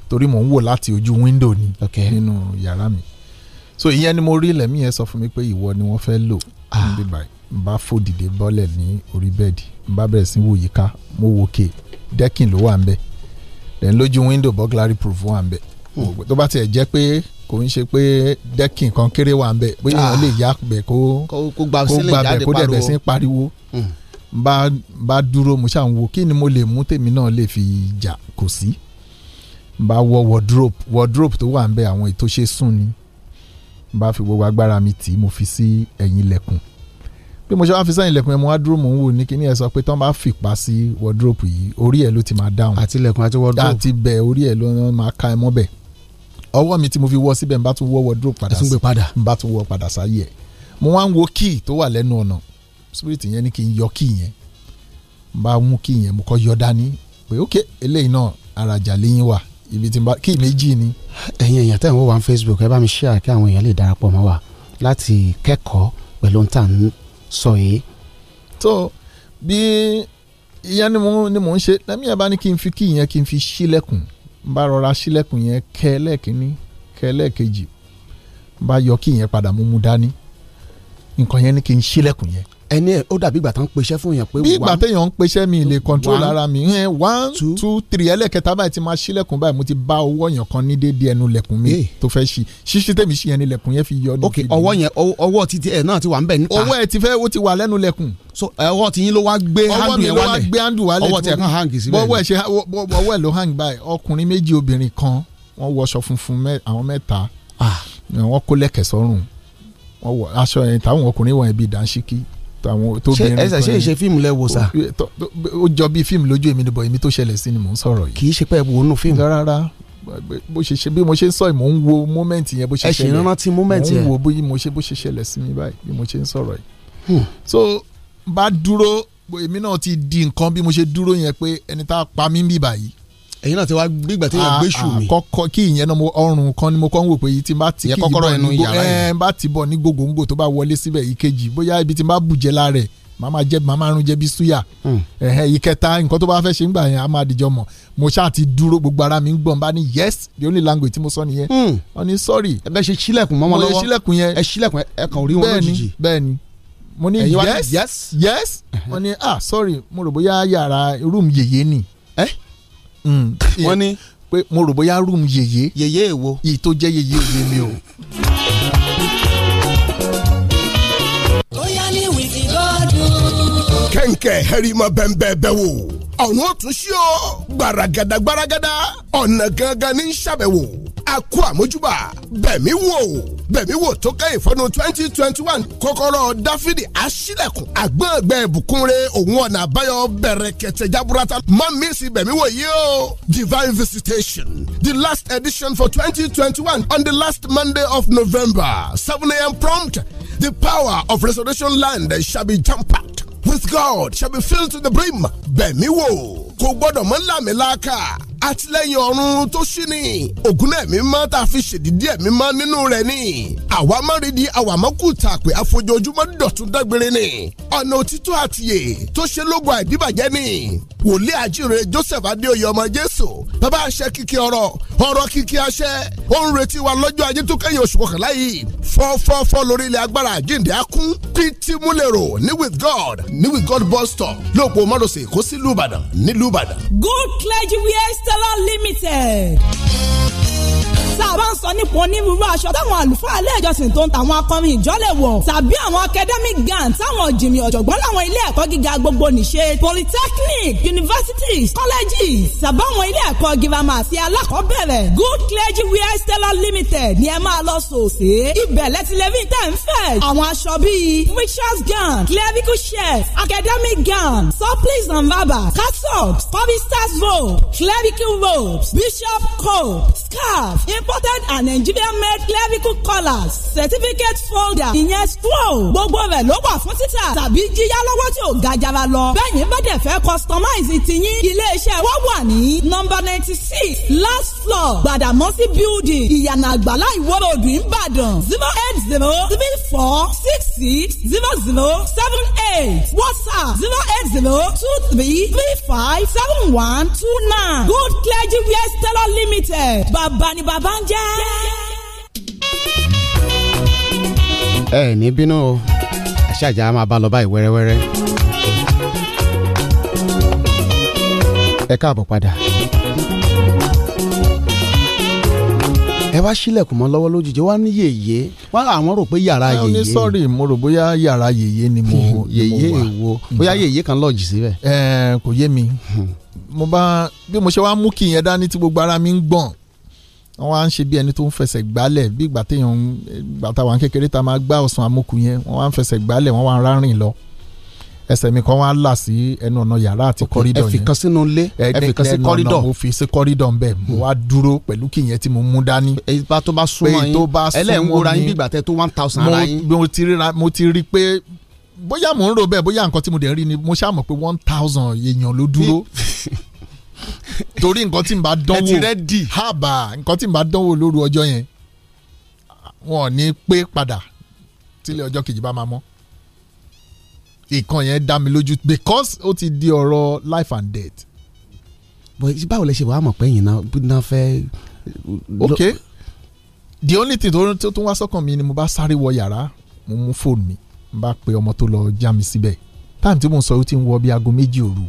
torí mò ń wò láti ojú wíńdò ni nínú yàrá mi. Okay so ìyẹn ni mo rí lẹ́mí yẹn sọ fún mi pé ìwọ ni wọ́n fẹ́ lò ah. níbi báyìí n bá fò dìde bọ́lẹ̀ ní orí bẹ́ẹ̀dì n bá bẹ̀rẹ̀ sí wò yíká mo wò ké dẹ́kìn ló wà ń bẹ̀ then lójú window burglary proof wà ń bẹ̀ hmm. tó bá tiẹ̀ jẹ́ pé kò ń ṣe pé dẹ́kìn kan kéré wà ń bẹ̀ bóyá ah. wọ́n lè yá bẹ̀ kó kó gbà bẹ̀ kó dẹ̀ sí pariwo hmm. n bá dúró mo ṣáà ń wo kí ni mo lè mú tèmi náà lè fi jà kò sí n bá wọ wardrobe wardrobe tó wà ń bẹ̀ àwọn ètò ṣe sùn ni n bá fi gbogbo agbára mi tì í mo fi sí ẹ̀yìn ilẹ̀kùn bí mo ṣe wá fi sẹ́yìn ilẹ̀kùn yẹn mo wá dúró mò ń wò ní kíní ẹ̀ sọ pé tán bá fìpa sí wọ́dúrópù yìí orí ẹ̀ ló ti máa dáhùn àti ilẹ̀kùn àti wọ́dúrópù àti bẹ̀ orí ẹ̀ ló máa ka ẹ mọ́ bẹ̀ ọwọ́ mi tí mo fi wọ́ síbẹ̀ n bá tún wọ́ wọ́dúrópù padà n bá tún wọ́ padà sáyé mo wá ń wo kíì tó wà lẹ́nu ọ̀nà spirit yẹn ni kí n yọ kíì yẹn n bá mú kíì yẹn mo kọ́ yọ dání pé ok eléyìí náà arajà lẹ́yìn wà ibi tí n bá kí méjì ni. ẹ̀yin èèyàn tẹ̀ ń wò wá ní facebook ẹ bá mi share kí àwọn èèyàn lè darapọ̀ mọ́ wa láti kẹ́kọ̀ọ́ pẹ̀lú ohun tá à ń sọ yìí. tó bí ìyẹn ni mo ni mo ń ṣe lẹ́mìí ẹ̀ bá ní kí n fi kí yẹn kí n fi ṣílẹ̀kùn n bá rọra ṣílẹ̀kùn yẹn kẹ́ lẹ́ẹ̀kínní kẹ́ lẹ́ẹ̀kejì n bá yọ kí yẹn padà mú mu dání nǹkan yẹn ni kí n ṣílẹ̀kùn yẹn ẹni ẹ ó dàbí ìgbà tán ń peṣẹ́ fún yẹn pé. bí ìgbà téèyàn ń peṣẹ́ mi lè control ara mi yẹn one two three ẹlẹ́kẹta báyìí ti máa ṣílẹ̀kùn báyìí mo ti bá ọwọ́ yẹn kan ní déédéé ẹnu lẹ̀kùn mi tó fẹ́ ṣí ṣíṣí tèmi ṣí yẹn ni lẹ̀kùn yẹn fi yọ ní. ok ọwọ́ yẹn ọwọ́ títí ẹ̀ náà ti wà ń bẹ̀ níta. ọwọ́ ẹ ti fẹ́ ó ti wà lẹ́nu lẹ̀kùn. so ọwọ́ ti yín ló wá gbé handle yẹn wálẹ̀ ọwọ́ mi ló wá gbé handle wálẹ̀ ọwọ́ tiẹ̀ kan hang síbẹ̀ ọwọ́ ẹ̀ ló hang báyìí ọkùnrin méjì obìnrin kan wọ́n wọṣọ funfun àwọn mẹ́ta ah. wọ́n kó lẹ̀kẹ̀ wọ aṣọ yẹn táwọn ọkùnrin wọ̀nyẹn bíi dànsíkí tàwọn tó bẹ̀rẹ̀ nípa ẹ̀ ṣe ṣe fíìmù lẹ wò sá. ó jọ bí fíìmù lójú èmi ni bọ̀ èmi tó ṣẹlẹ̀ sí ni mò ń sọ̀rọ̀ yìí. kì í ṣe pé ẹ wò ó nù fíìmù. rárá bó ṣe ṣe bí mo ṣe ń sọ yìí mò ń wo mọ́mẹ́ǹtì yẹn bó ṣe ṣẹlẹ̀ ẹ ṣe rántí mọ́mẹ́ǹtì yẹn mò ń wo bí mo ṣe bó ṣe ṣẹlẹ̀ sí mi báyìí bí mo ṣe ń sọ̀rọ̀ yìí. Hmm. so bá dúró èmi náà ti di nǹkan bí mo ṣe dúró yẹn pé ẹni tá a pa mí bíbà yìí ẹ̀yin náà ti wá gbígbà tí yẹn ah, gbé ṣù mí. kọ́kọ́ kí ìyẹn náà mo ọrùn kan ni mo kọ́ ń wò pé yìí ti bá ti kí ìbọn eh, bá ti bọ̀ ní gògóńgò tó bá wọlé síbẹ̀ yìí kejì bóyá ibi tí bá bùjẹ́ lára ẹ̀ màá máa jẹ màá máa rún jẹbi súyà hmm. ìkẹta nǹkan tó bá fẹ́ ṣe ń gbà yẹn a máa dìjọ mọ̀ mo ṣáà ti dúró gbogbo ara mi ń gbọ̀n bá ní yes the only language tí mo sọ nìyẹn hmm. wọ́n ní sorry. ẹ bẹ ṣe ṣílẹ̀kùn mọ́ wọn lọ́wọ́ mo lè ṣílẹ̀kùn yẹn ẹ ṣílẹ̀kùn ẹ kàn rí wọn lójijì. bẹ́ẹ̀ni mo ní yes yes wọ́n ní ah sorry mo rò bóyá yàrá room yèyé ni. ẹ eh? Mm. wọ́n ní. pé mo rò bóyá rúùmù yèyé. yèyé èwo. yìí tó jẹ́ yèyé òye mi o. kẹ̀ǹkẹ̀ hẹ́rìmọ̀ bẹ́ẹ̀ bẹ́ẹ̀ wò ọ̀run ó tún ṣí o gbaragada gbaragada ọ̀nà gangan ní sàbẹ̀wò akó àmójúbà bẹ̀mí wò bẹ̀mí wò tó kẹ́yìn fọ́dún twenty twenty one kọ́kọ́rọ́ dáfídì aṣílẹ̀kùn àgbọ̀ngbẹ̀ ìbùkúnre òun ọ̀nà àbáyọ bẹ̀rẹ̀ kẹ̀tẹ̀ jaburata má mísì bẹ̀mí wò yìí o divine visitation the last edition for twenty twenty one on the last monday of november seven a.m. prompt the power of resurrection land shall be jam-packed with God shall be filled to the brim. Bẹ̀mí kò gbọ́dọ̀ mọ́ làmìlàkà àtìlẹ́yìn ọ̀run tó ṣí ni ògùn náà mímọ́ tá a fi ṣèdídí ẹ̀mí mọ́ nínú rẹ̀ ni àwa mọ́rìndí àwa mọ́kù tàpé àfojoojúmọ́ dọ̀tún dágbére ni ọ̀nà òtítọ́ àtìyè tó ṣe lógo àìdíbàjẹ́ ni wòlíì àjíire Joseph Adéoyè ọmọ Jésù bàbá àṣẹ kìkì ọ̀rọ̀ ọ̀rọ̀ kìkì àṣẹ ó ń retí wa lọ́jọ́ ajé tó kẹ́yìn oṣù kọkànlá yìí fọ́fọ́fọ́ lórí ilẹ̀ agbára àjíǹde akún pété múlẹ̀rò ní with God ní with God bus stop lóòpọ̀ mọ́rọ̀sẹ̀ kó sílùú Ìbàdàn nílùú ìlú ìbàdàn. good clergy wear salon limited tá a bá ń sọ nípa onírúurú aṣọ táwọn àlùfáà ilé ìjọsìn tó ń tàwọn akọrin ìjọ lè wọ̀ tàbí àwọn academic gown táwọn jìmì ọ̀jọ̀gbọ́n láwọn ilé ẹ̀kọ́ gíga gbogbo nìṣe polytechnic universities colleges tàbáwọn ilé ẹ̀kọ́ girama àti alákọ̀ọ́bẹ̀rẹ̀ good clergy wear stella limited ni ẹ máa lọ sòsè ibẹ̀ lẹ́tìlẹ́bí tẹ̀ ń fẹ́ àwọn aṣọ bíi preachers gown clerical shirt academic gown surplice and rubber cassock choristers robe clerical robes bishop coat scarf imported and Nigerian made clerical collars certificate folder ìyẹn scroll gbogbo rẹ̀ ló wà fún títà tàbí jíyá lọ́wọ́ tí ò ga jara lọ bẹ́ẹ̀ yín bá dẹ̀ fẹ́ customize tiyín iléeṣẹ́ wa wà ní number ninety six last floor Gbàdàmọ́sí building ìyànà àgbàlá ìwọ́rọ̀ òdù Ìbàdàn zero eight zero three four six six zero zero seven eight WhatsApp zero eight zero two three three five seven one two nine Good Clergy Wear Tailor Limited bàbá ni ń jẹ́. ẹ ní bínú o àṣàjà máa bá lọ báyìí wẹ́rẹ́wẹ́rẹ́. ẹ káàbọ̀ padà. ẹ wá sílẹ̀kùn mọ́ lọ́wọ́ lójijì wá ní yèyé wá àwọn rò pé yàrá yèyé. ní sọ́ọ̀rì mo rò bóyá yàrá yèyé ni mo wà. yèyé èwo bóyá mm. yèyé kan lọ́ọ̀jì síbẹ̀. ẹ kò yé mi hmm. mo bá bí mo ṣe wá mú kí ìyẹn dání tí gbogbo ara mi ń gbọ̀n wọ́n wá ń ṣe bí ẹni tó ń fẹsẹ̀ gbálẹ̀ bí ìgbà téèyàn ń gbà táwa ń kékeré tá a máa gbá ọ̀sán amókù yẹn wọ́n wá ń fẹsẹ̀ gbálẹ̀ wọ́n wá ń rárìn lọ ẹsẹ̀ mi kan wá là sí ẹnu ọ̀nà yàrá àti kọ́rídọ̀ yẹn ẹ fi kan sínú ilé ẹ fi kan sí kọ́rídọ̀ mo fi sí kọ́rídọ̀ mbẹ́ mo hmm. wá dúró pẹ̀lú kìyẹn tí mo mú dání. ìgbà tó bá súnmọ́ yín ẹlẹ́yìn wúra yín bí ìgbà tẹ tó one thousand ara yín. mo ti rí pé bóyá mò ń rò bẹ́ẹ̀ bóyá nǹkan tí mo dẹ̀ rí ni mo ṣáà mọ̀ pé one thousand èèyàn ló dúró torí nǹkan tí n bá dánwò ẹ ti rẹ́dì hábà nǹkan tí n bá dánwò lóru ọjọ́ yẹn wọn ò ní pé padà tílẹ̀ ọjọ́ kejì bá máa mọ́ ìkan yẹn dá mi lójú because ó ti di ọ̀rọ̀ life and death. bọ̀ báwo lẹ ṣe wàá mọ̀ pé yìí náà fẹ́. ok the only thing tó tún wá sọ́kàn mi ni mo bá sáré wọ yàrá mo mú fóònù mi n bá pe ọmọ tó lọ já mi síbẹ̀ táàmù tí mo sọ ó ti ń wọ bí aago méjì òru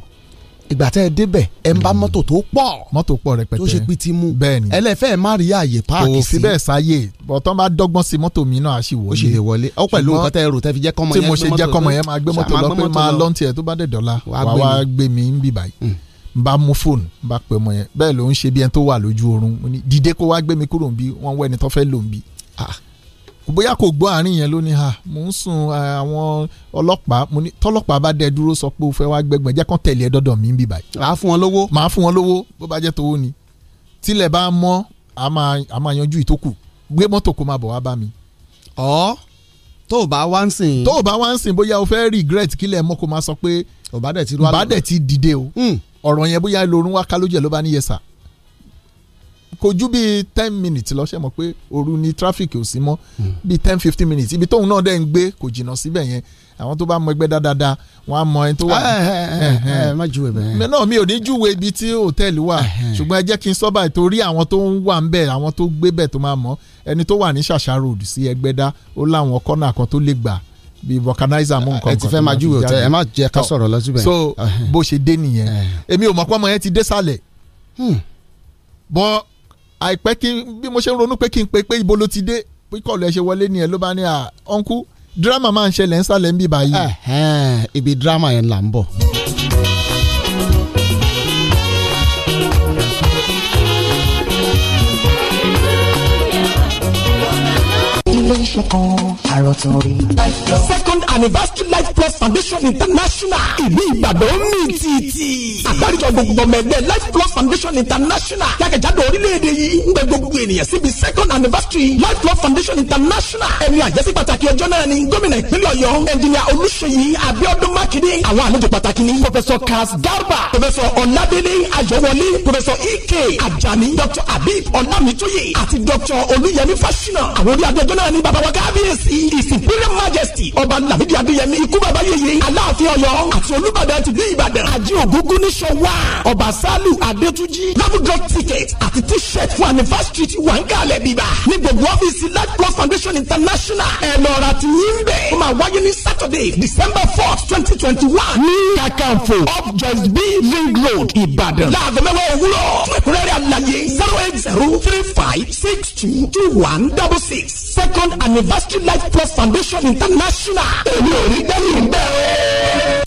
ìgbà tẹ́ ẹ débẹ̀ ẹ ń bá hmm. mọ́tò tó pọ̀ mọ́tò pọ̀ rẹpẹtẹ tó ṣe pitì mu bẹ́ẹ̀ni ẹlẹ́fẹ́ má rí àyè páàkì sí. kò fi bẹ́ẹ̀ sáyè bọ̀tán bá dọ́gbọ́n sí mọ́tò mi náà á sì wọlé. ó sì lè wọlé ọ pẹ̀lú nǹkan tẹ́ ẹ rò tẹ́ fi jẹ́ kọ́mọ yẹn tí mo ṣe jẹ́ kọ́mọ yẹn máa gbé mọ́tò lọ pé máa lọ́n tiẹ̀ tó bá dẹ̀ dọ́là wà wá gbé mi ń bì báyìí hmm. n bá mú fóònù n bá pè ọmọ yẹn bẹ́ẹ̀ ló ń ṣe bí ẹni tó wà lójú oorun dìde kó wá gbé mi kúrò ń bí wọ́n wẹ́ni tó fẹ́ lò ń bí bóyá kò gbọ́ àárín yẹn ló ha mò ń sùn àwọn ọlọ́pàá mo ní tọ́lọ́pàá bá dẹ dúró sọ pé o fẹ́ wá gbẹgbẹ́ jẹ́ kán tẹ̀lé ẹ dọ́dọ̀ mi bí báyìí. màá fún wọn lówó. màá fún wọn lówó bó bá jẹ́ tówó ni tílẹ̀ bá mọ́ a máa a máa yanjú ìtókù gbé mọ́tò kó máa bọ̀ wá bá mi. ọ tó o bá wá ń sìn. tó o bá wá ń sìn bóyá o fẹ́ regret kílẹ̀ mọ́ kó máa sọ pé. ò ti dìde o hmm. ọ̀rọ̀ yẹn bóyá lorun wá kálójẹ ló bá níyẹsà kò ju bíi ten minutes lọ ṣe mọ̀ pé òru ni traffic ò sí mọ́ bíi ten fifteen minutes ibi tóun náà dẹ̀ ń gbé kò jìnnà síbẹ̀ yẹn àwọn tó bá mọ ẹgbẹ́ dáadáa wọ́n á mọ ẹni tó wà. Eh, eh, eh, má júwe bẹ́ẹ̀. náà mi ò ní júwe ibi tí hòtẹ́ẹ̀lì wà ṣùgbọ́n ẹ jẹ́ kí n sọ báyìí àwọn tó ń wà ń bẹ̀ àwọn tó gbé bẹ̀ tó máa mọ̀ ẹni tó wà ní ṣàṣà road sí ẹgbẹ́dá ó láwọn kọ́nà kan tó lè gbà bíi vulcanizer mú nǹkan kan. ẹ ti fẹ́ máa júwe hòtẹ́ẹ̀lì ẹ má jẹ́ ká sọ̀rọ̀ lọ síbẹ̀. so bó ṣe dé nìyẹn èmi ò mọ̀ pọ́mọ ti dé sálẹ̀ hmm àìpẹ́ kí bí mo ṣe ń ronú pé kí n pe pé ibo ló ti dé kíkọ̀lù ẹ̀ ṣe wọlé ni ẹ̀ ló bá ní à ọ̀nkú dírámà máa ń ṣẹlẹ̀ ń sálẹ̀ ń bí báyìí. ibi drama yẹn là ń bọ̀. ilé iṣẹ́ kan àárọ̀ tún rí. second anniversary life plus foundation international ìlú ìbàdàn mi ti ti. àgbáríjọ gbogbo ọmọ ẹgbẹ́ life plus foundation international jákèjádò orílẹ̀-èdè yìí ń gbẹ gbogbo ènìyàn síbi second anniversary life plus foundation international ẹni àjẹsí pàtàkì ọjọ́ náà ni gómìnà ìpínlẹ̀ ọ̀yọ́ ẹnjìnìà olùṣeyí abiodun makinde àwọn àlejò pàtàkì ni professor kaz garba professor ọ̀nàdélé ayọ̀wọlé professor ike ajani Doctor abib ọ̀nàmítóyè àti dr olùyẹmí fásinà àwọn orí adé ọjọ́ náà ni bàbá wa kábíyèsí his majesty ọba nàbídì adéyẹmí ikú bàbá yèyé aláàfin ọ̀yọ́ àti olúbàdàn ti ní ìbàdàn àjẹ ògúngún ní sọwá ọba sálù adétúnjì labudrop ticket àti t-shirt fún anniversary ti wà ń kalẹ̀ bíbá ní gbogbo ọ́fíìsì life plus foundation international ẹ̀ lọ́ra ti yín bẹ́ẹ̀ ó máa wáyé ní saturday december fourth twenty twenty one ní kakanfo up just be ring road ìbàdàn láàgọ́ mẹ́wàá òwúrọ̀ fún ẹ̀kúnrẹ́rẹ́ àlàyé zero eight zero three five six two two one double six second anniversary life Plus Foundation International èmi ò rí gbẹ́yìn bẹ́ẹ̀.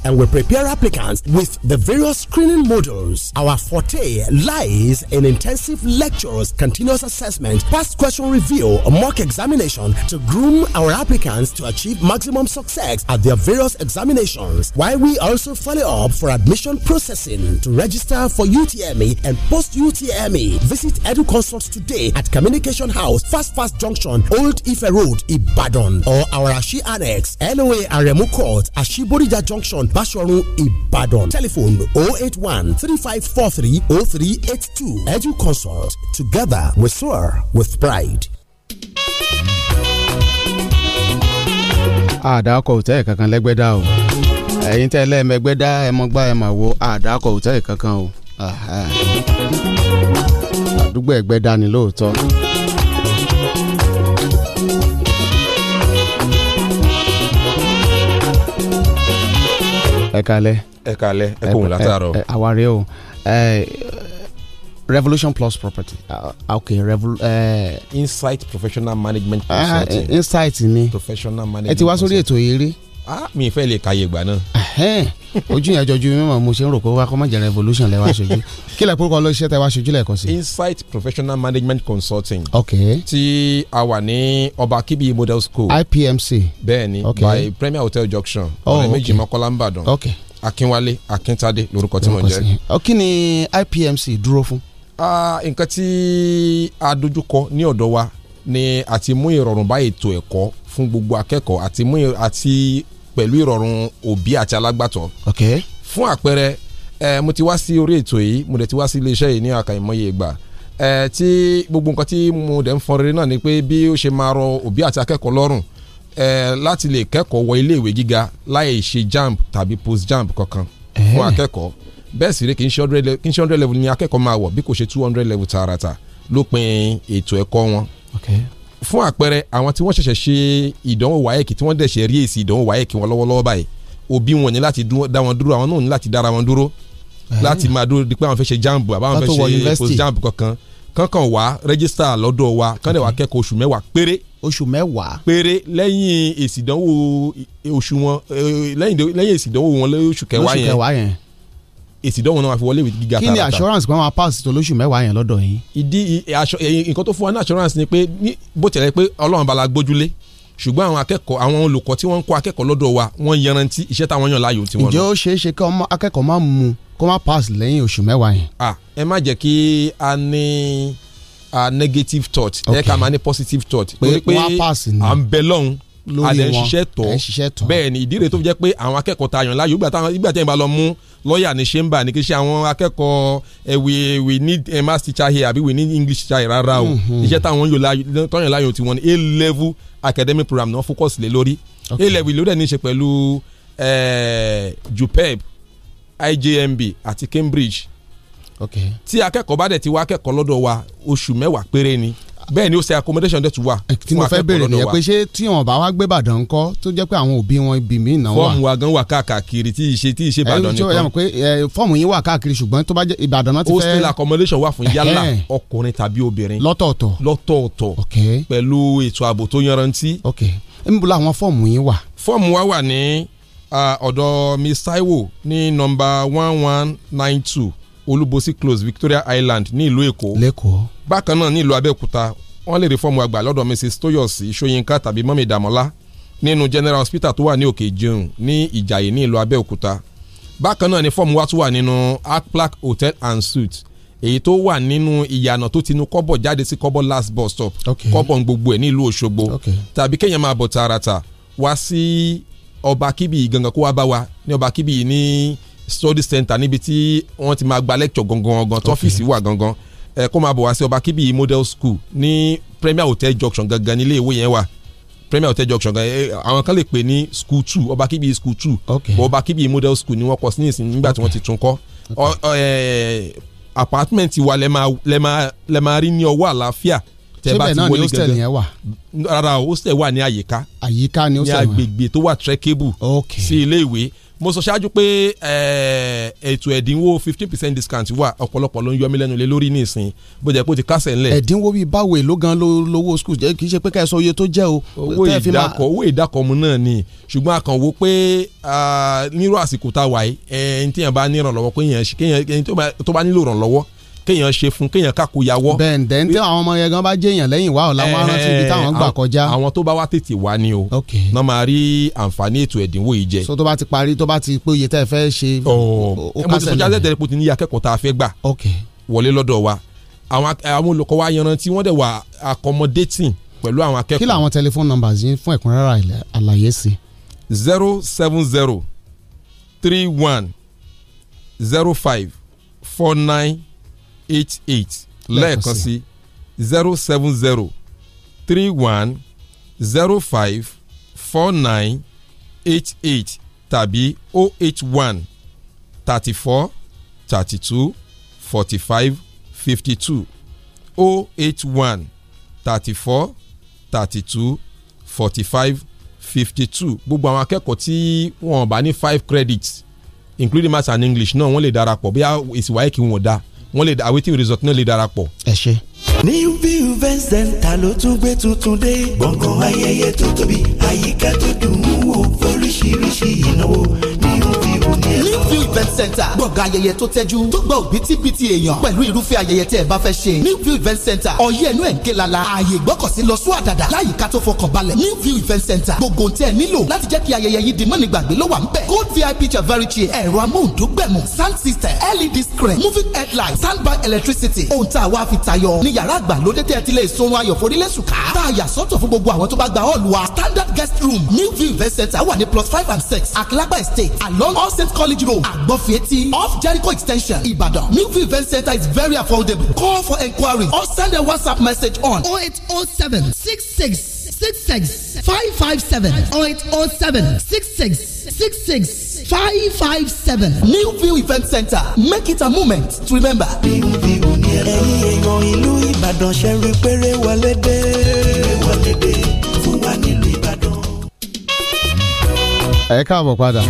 and we prepare applicants with the various screening modules. Our forte lies in intensive lectures, continuous assessment, past question review, mock examination to groom our applicants to achieve maximum success at their various examinations. While we also follow up for admission processing to register for UTME and post UTME, visit EduConsults today at Communication House, Fast Fast Junction, Old Ife Road, Ibadan, or our Ashi Annex, LOA Aremu Court, Ashiborija Junction, Basharun Ibadan. Telephone 081 3543 0382. Edu Consult. Together we soar with pride. àdàkọ̀ òtẹ́ẹ̀ kankan lẹ́gbẹ́dá o ẹ̀yin tẹ́ lẹ́ẹ̀mẹ́gbẹ́dá ẹ mọ gbá ẹ mà wo àdàkọ̀ òtẹ́ẹ̀ kankan o àdúgbò ẹ̀gbẹ́dá ni lóòótọ́. ẹ kalẹ̀ ẹ kalẹ̀ ẹ kóhun látàárọ̀. àwa rẹ o revolution plus property uh, okay revol uh, insight professional management ah, consulting uh, insight ni professional management ẹ ti wá sórí ètò yìí rí Ah, mi fẹ́ lè kàyè ìgbà náà. ojú yẹn jọjú mímọ mo ṣe ń rò pé wá kó revolution lẹ ṣojú kí lẹ kókó ọlọ́ṣẹ́ tẹ wá ṣojú lẹ́ẹ̀kan sí. insight professional management consulting. ok Ti a wà ní ọba kíbi model school. IPMC. bẹ́ẹ̀ni okay. by premier hotel junction. Oh, ọ̀rẹ́ méjì mọ́kànlá ń bàdàn. ok akínwálé akíntadé lórúkọ tí mo jẹ. kí ni IPMC dúró fún. Ah, nǹkan tí a dojúkọ ní ọ̀dọ̀ wa ni a ti mú ìrọ̀rùn bá ètò ẹ̀kọ́ fún gbogbo akẹ́kọ̀ọ́ àti mú àti pẹ̀lú ìrọ̀rùn òbí àti alágbàtọ́. ok fún àpẹẹrẹ ẹ mo ti wá sí orí ètò yìí mo dẹ̀ ti wá sí iléeṣẹ́ yìí ní àkàìmọye ìgbà ẹ tí gbogbo nǹkan tí mo dẹ̀ ń fọn rere náà ni pé bí ó ṣe máa rọ òbí àti akẹ́kọ̀ọ́ lọ́rùn ẹ láti lè kẹ́kọ̀ọ́ wọ iléèwé gíga láì ṣe jamb tàbí post jamb kankan eh. fún akẹ́kọ̀ọ́ bẹ́ẹ̀ sì rí kì í ṣe hundred level ni akẹ́kọ̀ọ́ máa wọ̀ bí kò ṣe two hundred level tààràtà lópin ètò ẹ̀kọ́ wọn fún àpẹẹrẹ àwọn tí wọ́n ṣẹ̀ṣẹ̀ ṣe ìdánwò wáyẹ̀kì tí wọ́n dẹ̀ ṣe rí èsì ìdánwò wáyẹ̀kì wọn lọ́wọ́lọ́wọ́ báyìí òbí wọn ní láti dá wọn dúró àwọn náà ní láti dára wọn dúró eh. láti máa dúró di pé àwọn fẹ́ ṣe jamb àbáwọn fẹ́ ṣe post jamb kankan kankan wá rẹ́gísítà lọ́dọ̀ wa kán dẹ̀ wá kẹ́kọ̀ọ́ oṣù mẹ́wàá péré oṣù mẹ́wàá. péré lẹ́yìn èsì ìdánwò oṣù wọn eh, lẹ́yìn èsì ìdánwò wọn lóṣù kẹwàá yẹn èsì ìdánwò náà wà fi wọlé ìwé gíga tààràtà. kí ni assurance kan máa pass tó lóṣù mẹ́wàá yẹn lọ́dọ̀ yín. ìdí nǹkan tó fún wa ní assurance ni pé bó tẹ̀lé pé ọlọ́run bá la gbójúlé ṣùgbọ́n àwọn akẹ́kọ̀ọ́ àwọn olùkọ́ tí wọ́n ń kọ́ akẹ́kọ̀ọ́ lọ́dọ̀ wa wọ́n yanrantí iṣẹ́ táwọn yàn láàyò tiwọn. ǹjẹ́ ó ṣeé ṣe kí akẹ́kọ̀ọ́ máa mu kó má pass lẹ́yìn oṣù mẹ́wàá yẹn. ah ẹ má jẹ́ kí a ní a negative thought ẹ ká máa ní positive thought pé pé à ń bẹ lọ́hùn lórí wọn a lè ṣiṣẹ́ tọ́ bẹ́ẹ̀ ni ìdí rẹ̀ tó fi jẹ́ pé àwọn akẹ́kọ̀ọ́ ta yàn láàyò ìgbà tẹ́yìn bá lọ mú lọ́ọ̀yà ní ṣẹ́ńbà ní kí ṣe àwọn akẹ́kọ̀ọ́ ẹ̀ we we need a math teacher here àbí we need English teacher here rárá o mm-hmm. iṣẹ́ táwọn tọ́yàn láàyò tiwọn ni A level academic program náà focus lé lórí A level ló dẹ̀ ní í ṣe pẹ̀lú JUPEB IJMB àti Cambridge tí akẹ́kọ̀ọ́ bá dẹ̀ ti wá akẹ́kọ̀ọ́ lọ́dọ̀ wa oṣù mẹ́wàá péré ni bẹ́ẹ̀ ni ó ṣe accommodation dẹ̀ tún wà. tí mo fẹ́ béèrè nìyẹn pé ṣé tí wọn bá wá gbé Ìbàdàn ńkọ́ tó jẹ́ pé àwọn òbí wọn ibì mí náà wà. fọ́ọ̀mù wa gan wà káàkiri tí ìṣe tí ìṣe Ìbàdàn nìkan. ẹ ẹ pé fọ́ọ̀mù yín wà káàkiri ṣùgbọ́n tó bá jẹ́ Ìbàdàn náà ti fẹ́. hostel accommodation wà fún yálà ọkùnrin tàbí obìnrin. lọ́tọ̀ọ̀tọ̀ lọ́tọ̀ọ̀tọ̀ pẹ̀lú ètò ààbò tó yanrantí. ok níbo làwọn fọ́ọ̀mù yín wà. fọ́ọ̀mù wa wà ní ọ̀dọ̀ Miss Taiwo ní nọ́mbà one one nine two olúbosí close Victoria Island ní ìlú Èkó lẹ́kọ̀ọ́ bákan náà ní ìlú Abẹ́òkúta wọ́n lè rí fọ́ọ̀mù àgbà lọ́dọ̀ Mrs Toyosi Soyinka tàbí mọ́mì Dàmọ́lá nínú General Hospital tó wà ní Òkè Ìjẹun ní Ìjàyè ní ìlú Abẹ́òkúta bákan náà ni fọ́ọ̀mù wa tún wà nínú Artplac Hotel and Suites èyí tó wà nínú ìyànà tó ti nu kọ́bọ̀ jáde sí kọ́bọ̀ last bus stop kọ́bọ̀ ń gbogbo ẹ̀ ní ìlú Òṣogbo tàbí kéèyàn máa bọ̀ tààràtà wá sí ọba kíbi gangan kó wá bá wa ní ọba kíbi ní study center níbi tí wọ́n ti máa gba lecture gangan gangan tó ọ́fíìsì wà gangan ẹ kó máa bọ̀ wá sí ọba kíbi model school ní premier hotel junction gangan nílé ìwé yẹn wà premier hotel junction gangan àwọn kan lè pè ní school two ọba kíbi school two bọ̀ ọba kíbi model school ni wọ́n kọ́ sí nísìn nígbà tí wọ́n ti tún kọ́ apartment wa lẹ máa rí ní ọwọ́ àlàáfíà tẹ bá ti wọlé gẹ́gẹ́ rárá hostel wà ní àyíká àyíká ni hostel wà ní agbègbè tó wà trekable sí ilé ìwé mo sọ ṣáájú pé eh, ètò ẹ̀dínwó fifteen percent discount wà ọ̀pọ̀lọpọ̀ ló ń yọ mí lẹ́nu lé lórí nísìn bó jẹ́ pé ó ti kásẹ̀ ńlẹ̀. ẹ̀dínwó bíi báwo èló gan lówó school jẹ́ kì í ṣe pé ká ẹ sọ iye tó jẹ́ o. owó ìdákọ̀ owó ìdákọ̀ mu náà ni ṣùgbọ́n a kàn wò pé nírú àsìkò tá a wà yìí ẹni tí yẹn bá ní ìrànlọ́wọ́ pé yẹn tó bá nílò ìrànlọ́wọ́ kéèyàn ṣe fún kéèyàn kákó yàwọ́. bẹ́ẹ̀ ǹdẹ́ ní àwọn ọmọ yẹn gan bá jẹ́yàn lẹ́yìn wa ọ̀la wọn rántí ibi táwọn gbà eh, eh, eh, kọjá. àwọn tó bá wá tètè wá ni o náà máa rí àǹfààní ètò ẹ̀dínwó yìí jẹ. so tó bá ti parí tó bá ti pé oye tẹ́ ẹ fẹ́ ṣe. Oh, ó kásẹ̀ lẹ́yìn mo ti ní akẹ́kọ̀ọ́ tá a fẹ́ gbà wọlé lọ́dọ̀ wa àwọn olùkọ́ wa yanrantí wọ́n dẹ̀ wà accommodating zero seven zero three one zero five four nine eight eight lẹ́ẹ̀kan sí zero seven zero three one zero five four nine eight eight tàbí o oh eight one thirty four thirty two forty five fifty two o oh eight one thirty four thirty two forty five fifty two gbogbo àwọn akẹ́kọ̀ọ́ tí wọ́n bá ní five credits including maths and english náà wọ́n lè darapọ̀ bí èsì wáyé kí wọ́n dáa wọ́n lè àwetí resort náà lè darapọ̀. ẹ ṣe new view event center ló tún gbé tuntun dé. gbọ̀ngàn ayẹyẹ tó tóbi àyíká tó dùn ún wò oríṣiríṣi ìnáwó new view ní ẹ̀kọ́. new view event center gbọ̀ngàn ayẹyẹ tó tẹ́jú tó gba òbítíbitì èèyàn pẹ̀lú irúfẹ́ ayẹyẹ tẹ́ ẹ bá fẹ́ ṣe. new view event center ọyẹ́ inú ẹ̀ ń ké lala ààyè ìgbọ́kọ̀sí lọ sún àdàdà láyìíká tó fọkàn balẹ̀. new view event center gbogbo tẹ́ ẹ nílò láti jẹ́ kí ayẹyẹ yìí di mọ́ni gbàgbé ló wà ń bẹ̀. gold vip chavari chair ẹ̀rọ amóhùndógbẹ̀mù sound system led screen moving headlight standby electricity ohun tá ní yàrá àgbàlódé tẹ́ ti lè sunrun ayọ̀ forílẹ̀ sùkà tá a yà sọ́tọ̀ fún gbogbo àwọn tó bá gba hall wa standard guest room new view event center wà ní plus five and six àkìlágbà estate along all saint college road àgbọ̀fẹ́tì off jericho extension ìbàdàn new view event center is very affordable call for enquiry or send a whatsapp message on oh eight oh six six five five seven point oh seven six six six six five five seven. New View Event Center make it a moment to remember. Bíu ni ẹ̀rọ. èèyàn ìlú Ìbàdàn ṣe rí péré wọlé dé. wọlé dé fún wa nílùú Ìbàdàn. Ẹ káàbọ̀ padà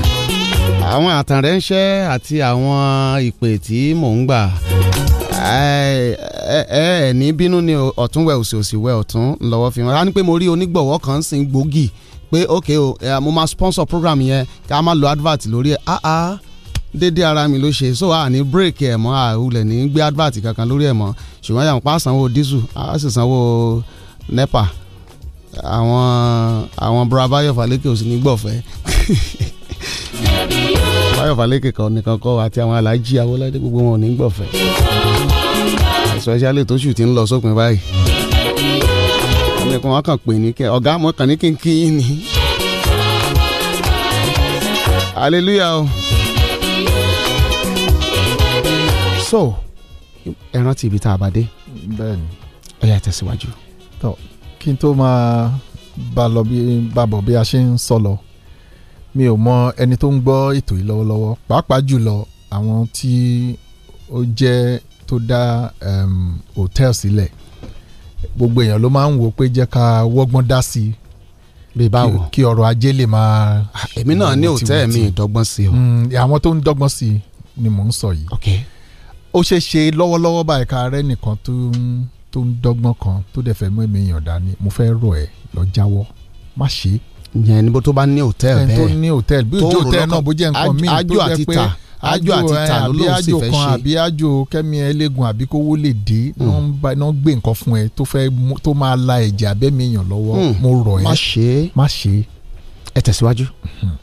àwọn àtàn rẹ̀ ń ṣẹ́ àti àwọn ìpè tí mò ń gbà ẹ ẹ ní bínú ni ọ̀tún wẹ̀ òsì òsì wẹ̀ ọ̀tún lọ́wọ́ fi wọn a ní pé mo rí onígbọ̀wọ́ kan ń sin gbòógì pé ok o mo máa sponsor program yẹn ká máa lo advert lórí ẹ̀ ah ah dédé ara mi ló ṣe so a ní break ẹ̀ mọ́ àwùlẹ̀ ní gbé advert kankan lórí ẹ̀ mọ́ ṣùgbọ́n yàrá pa sanwó dísù a sì sanwó nepa àwọn àwọn burabayo falẹ́kẹ̀ òsì nígbọ̀fẹ́ báyọ̀ falẹ́kẹ̀ kan nìkan kọ́ àti àwọn alájí awolade gbogbo wọn ò ní gbọ̀fẹ́ especially tóṣù tí ń lọ sópin báyìí. ẹnìkan wọn kàn pè ní kẹ ọ̀gá àmọ́ kàn ní kínkín ni. hallelujah o. so ẹ rántí ibi tá a bá dé. bẹ́ẹ̀ni. ẹ yà tẹ̀síwájú. tọ kí n tó máa bá lọ bí bá bọ̀ bí a ṣe ń sọ lọ mi ò mọ ẹni tó ń gbọ́ ètò yìí lọ́wọ́lọ́wọ́ pàápàá jùlọ àwọn tí ó jẹ́ tó dá hòtẹ́ẹ̀lì sílẹ̀ gbogbo èèyàn ló máa ń wò pé jẹ́ ká wọ́gbọ́n dá sí i bí báwo kí ọrọ̀ ajé lè máa. Ah, èmi náà ní hòtẹ́ẹ̀lì mi ìdọ́gbọ́n sí o. Hmm, àwọn tó ń dọ́gbọ́n sí i ni mò ń sọ yìí. ó ṣeé ṣe lọ́wọ́lọ́wọ́ báyìí ká rẹ́ nìkan tó ń tó ń dọ́gbọ́n kan tó dẹ̀ fẹ́ mú èmi yàn dání mo fẹ́ rọ̀ ẹ́ lọ jáwọ́ má ṣe é yẹn níbo tó bá ní hòtẹ́ẹ̀lì bẹ́ẹ̀ tó ní hòtẹ́ẹ̀lì bí ojú hòtẹ́ẹ̀lì náà bó jẹ́ nǹkan míì tó jẹ́ pé àjò àti ta ló lóun sì fẹ́ ṣe àbí àjò kẹ́mi ẹlẹ́gùn àbí kówó lè dé mm. náà gbé nǹkan fún ẹ tó fẹ́ tó máa la ẹ̀jẹ̀ abẹ́mi èèyàn lọ́wọ́ mm. mo rọ̀ ẹ́ má ṣe é má ṣe é ẹ tẹ̀síwájú. Mm-hmm.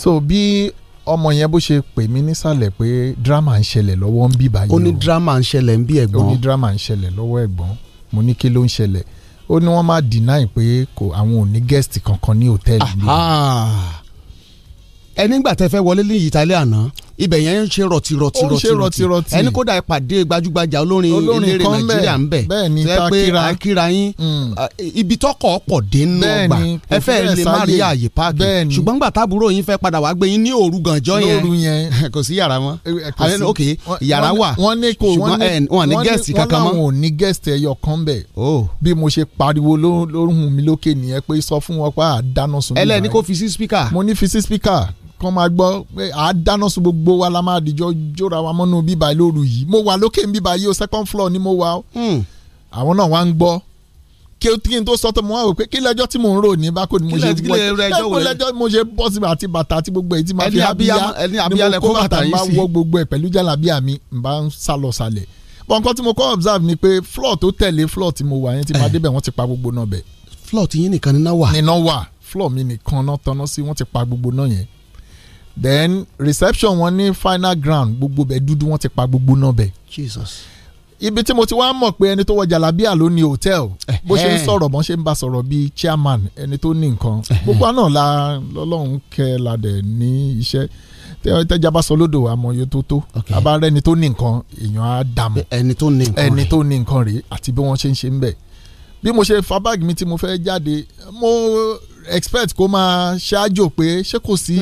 so bí ọmọ yẹn bó ṣe pè mí nísàlẹ̀ pé drama ń ṣẹlẹ̀ lọ́wọ́ ń bí báyìí o ó ní drama ń ṣẹlẹ̀ ń bí ẹ̀gbọ́n ó ní drama ń ṣẹlẹ̀ lọ́wọ́ ẹ̀gbọ́n mo ní kí ló ń ṣẹlẹ̀ ó ní wọ́n máa deny pé kò àwọn ò ní guest kankan ní hòtẹ́ẹ̀lì. ẹni gbà tẹ fẹ́ wọlé ní ìtàlẹ́ àná ibẹ̀ yẹn ń ṣe rọ̀tìrọ̀tì rọ̀tìrọ̀tì ẹni kódà ìpàdé gbajúgbajà olórin eléré nàìjíríà ń bẹ̀ bẹ́ẹ̀ni takira akira yín mm. ibi tọkọ̀ ọ̀pọ̀ dé nù ọgbà ẹ fẹ́ lè má rí àyè páàkì ṣùgbọ́n gbà tábúrò yín fẹ́ padà wá gbé yín ní òru gànjọ́ yẹn kò sí yàrá mọ́ eh, eh, ok yàrá wà ṣùgbọ́n wọn ní gẹ̀ẹ́sì kankan mọ́. wọ́n làwọn ò ní gẹ̀ẹ́sì ẹyọ kan bẹ̀ oh. bí mo ṣe pariwo lórun mi lókè nìyẹn pé sọ fún wọn pé àdánù sùn. ẹlẹ́ni kò fi sí spíkà. mo ní fi sí spíkà kàn máa gbọ́ pé àá dáná sun gbogbo wa la máa dìjọ jóra wa mọ́nú bíbá lóru yìí mo wà lókè ń bíbá yìí o second floor ni mo wà o hmm. àwọn náà wá ń gbọ́ kí o kí tó sọ tó mo wá pé kí lẹ́jọ́ tí mò ń rò ní báko ni mo ṣe bọ́ kí lẹ́jọ́ mo ṣe bọ́ sí àti bàtà àti gbogbo èyí tí ma fi abíyá ni mo kó bàtà yìí sí ni mo wọ gbogbo ẹ̀ pẹ̀lú jàlábíà mi n bá ń sálọ sálẹ̀ bọ́n nǹkan tí mo kọ́ observe ni pé floor tó tẹ̀lé floor tí mo wà yẹn ti máa eh. débẹ̀ wọ́n ti pa gbogbo náà bẹ̀. floor ti yín nìkan níná wà. níná wà floor mi nìkan náà tọ́ná sí wọ́n ti pa gbogbo náà yẹn then reception wọn ní final ground gbogbo bẹ dúdú wọn ti pa gbogbo náà bẹ. Jesus. ibi tí mo ti wá mọ̀ pé ẹni tó wọ jàlábíà ló ní hòtẹ́ẹ̀lì bó ṣe ń sọ̀rọ̀ bó ṣe ń bá sọ̀rọ̀ bíi chairman ẹni tó ní nǹkan gbogbo àná la lọ́lọ́run kẹ́ la dẹ̀ ní iṣẹ́ tẹ́jà bá sọ lódò àmọye tó tó àbá rẹni tó ní nǹkan èèyàn á dààmú ẹni tó ní nǹkan rèé ẹni tó ní nǹkan rèé àti bí wọ́n ṣe ń ṣe ń bẹ̀ bí mo ṣe fa báàgì mi tí mo fẹ́ jáde mo Expert kó máa ṣáájò pé ṣé kò sí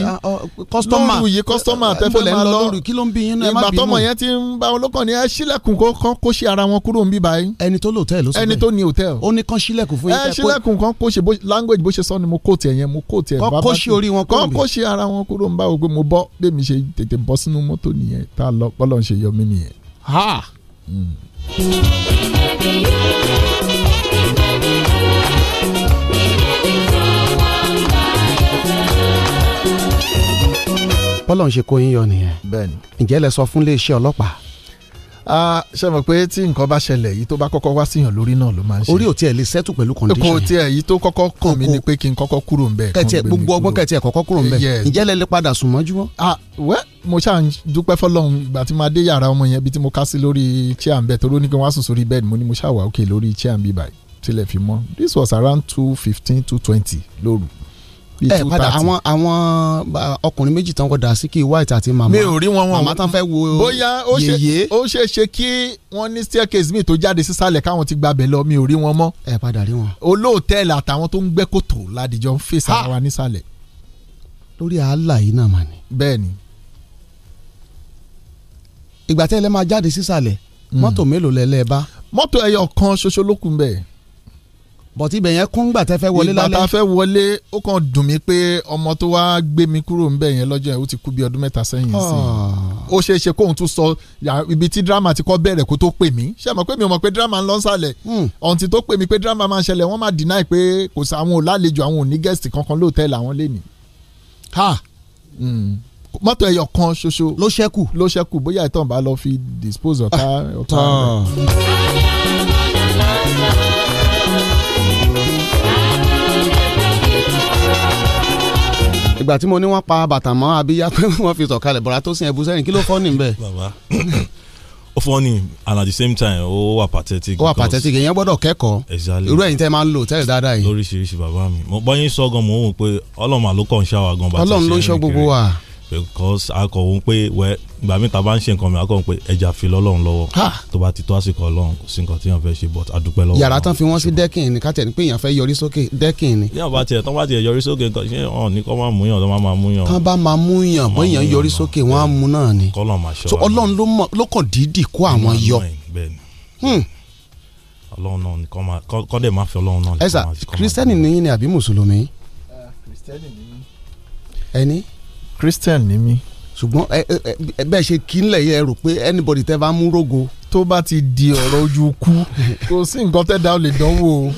lóru yìí kọ́sítọ́mà tẹ́fẹ́ máa lọ kí ló ń bí yín náà má bínú. ìgbà tọmọ yẹn ti ń ba ọlọ́kàn ní ẹ ṣílẹ̀kùn kó ṣe ara wọn kúrò ń báyìí. ẹni tó lò hòtẹ́ẹ̀lì ló sọ bẹ́ẹ̀ ẹni tó ní hòtẹ́ẹ̀lì. ó ní kán ṣílẹ̀kùn fún yín. ẹ kan kó ṣe language bó ṣe sọ ni mo kó tiẹ̀ yẹn mo kó tiẹ̀ bá bá kó ṣe orí wọn kúrò mi. kó ṣe ara wọn kúrò ń bá mo bọ́ bẹ́ẹ̀ mi ṣe tètè bọ́ sínú mọ́tò nìyẹn tá ha. Hmm. bọ́lọ̀ ń ṣe kó yín yọ nìyẹn bẹ́ẹ̀ni ǹjẹ́ lẹ sọ fún iléeṣẹ́ ọlọ́pàá. ṣe mọ̀ pé tí nǹkan bá ṣẹlẹ̀ yìí tó bá kọ́kọ́ wá síyàn lórí náà ló máa ń ṣe. orí ò tiẹ̀ lè sẹ́tù pẹ̀lú condition kò tiẹ̀ yìí tó kọ́kọ́ kàn mí ni pé kí n kọ́kọ́ kúrò ńbẹ̀. kẹ̀tì gbogbo ọgbọ́n kẹ̀tì kọ́kọ́ kúrò mo ṣáà ń dúpẹ́ fọlọ́run ìgbà tí máa mo ká sí lórí chair ń bẹ̀ tó ló ní kí wọ́n á sùn sórí bẹ́ẹ̀dì mo this was around two fifteen two twenty lóru ẹ padà àwọn àwọn ọkùnrin méjì tán kọ Dàsíkì White àti màmá mi ò rí wọn wọn màmá tán fẹ́ wo bóyá ó ṣe ó ṣe ṣe kí wọ́n ní staircase mi tó jáde sísàlẹ̀ káwọn ti gbabẹ̀ lọ mi ò rí wọn mọ́ ẹ padà rí wọn. olóòtẹ́ẹ̀lì àtàwọn tó ń gbẹ́ kòtò ládìjọ́ ń fèsì ara wa nísàlẹ̀. lórí àálà yìí náà mà ní. bẹ́ẹ̀ni. ìgbà tẹ́lẹ̀ máa jáde sísàlẹ̀ hmm. mọ́tò mélòó lẹ́lẹ́ bá. mọ́tò ẹyọ kan ṣoṣo ló kù ń bẹ́ẹ̀ bọ̀tí ibẹ̀ yẹn kún gbà tẹ́ fẹ́ wọlé lálẹ́. ìgbà tá a fẹ́ wọlé ó kàn dùn mí pé ọmọ tó wá gbé mi kúrò ńbẹ̀ yẹn lọ́jọ́ yẹn ó ti kú bí ọdún mẹ́ta sẹ́yìn ah. sí i ó ṣeé ṣe kóun tún sọ ibi tí drama ti kọ́ bẹ̀rẹ̀ kó tó pè mí ṣé àmọ́ pé mi ò mọ̀ pé drama ń lọ sálẹ̀ ọ̀ǹtí hmm. tó pè mí pé drama máa ń ṣẹlẹ̀ wọ́n máa deny pé kò sí àwọn ò àwọn ò ní ha hmm. mọ́tò ẹyọ kan ṣoṣo ló ṣẹ́kù ló ṣẹ́kù bóyá ìtàn bá lọ fi dispose ọ̀tá ah. ọ̀tá rẹ̀. Ah. ìgbà tí mo ní wọ́n pa bàtà mọ́ abíyá pé wọ́n fi sọ̀kalẹ̀ bọ̀rà tó sin ẹ̀bùsẹ́rìn kí ló fọ́ ní bẹ́ẹ̀. bàbá ó fọ́ ní and at the same time ó wà pathetic. ó wà pathetic èèyàn gbọ́dọ̀ kẹ́kọ̀ọ́ irú ẹ̀yin tẹ́ máa ń lò tẹ́lẹ̀ dáadáa yìí. lóríṣiríṣi bàbá mi bọ́yìn sọ́gan mò ń wò pé ọlọ́run àlókọ̀ ń ṣàwà gan bàtà sí ẹ̀rín kiri ọlọ́run ló ń ṣọ́ gbogbo wa because akọ òun pé wẹ ìgbà mi ta bá ń ṣe nǹkan mi akọ òun pé ẹja fi lọ́lọ́run lọ́wọ́ tó bá ti tó àsìkò ọlọ́run kò sí nǹkan tí èèyàn fẹ́ ṣe but àdúpẹ́ lọ́wọ́. yàrá tán fi wọ́n sí dẹ́kìn ni kátẹ́ ni pé èèyàn fẹ́ yọrí sókè dẹ́kìn ni. yàrá bá tiẹ̀ tán bá tiẹ̀ yọrí sókè nǹkan ṣé ọ̀n ní kọ́ máa mú yàn tán máa máa mú yàn. tán bá máa mú yàn bọ́ èèyàn yọrí sókè wọ́n á mú náà ni. kọ́lọ̀ máa ṣọ́ ọlọ́run ló kàn dídì kó àwọn yọ hmm. ọlọ́run náà ni kọ́ dẹ̀ ẹni christian ni mí. ṣùgbọ́n ẹ ẹ bẹ́ẹ̀ ṣe kí n lẹ̀ yẹ rò pé anybody tẹ́ bá mú rògo. tó bá ti di ọ̀rọ̀ ojú kú kò sí nǹkan tẹ́ da ọ lè dánwò o.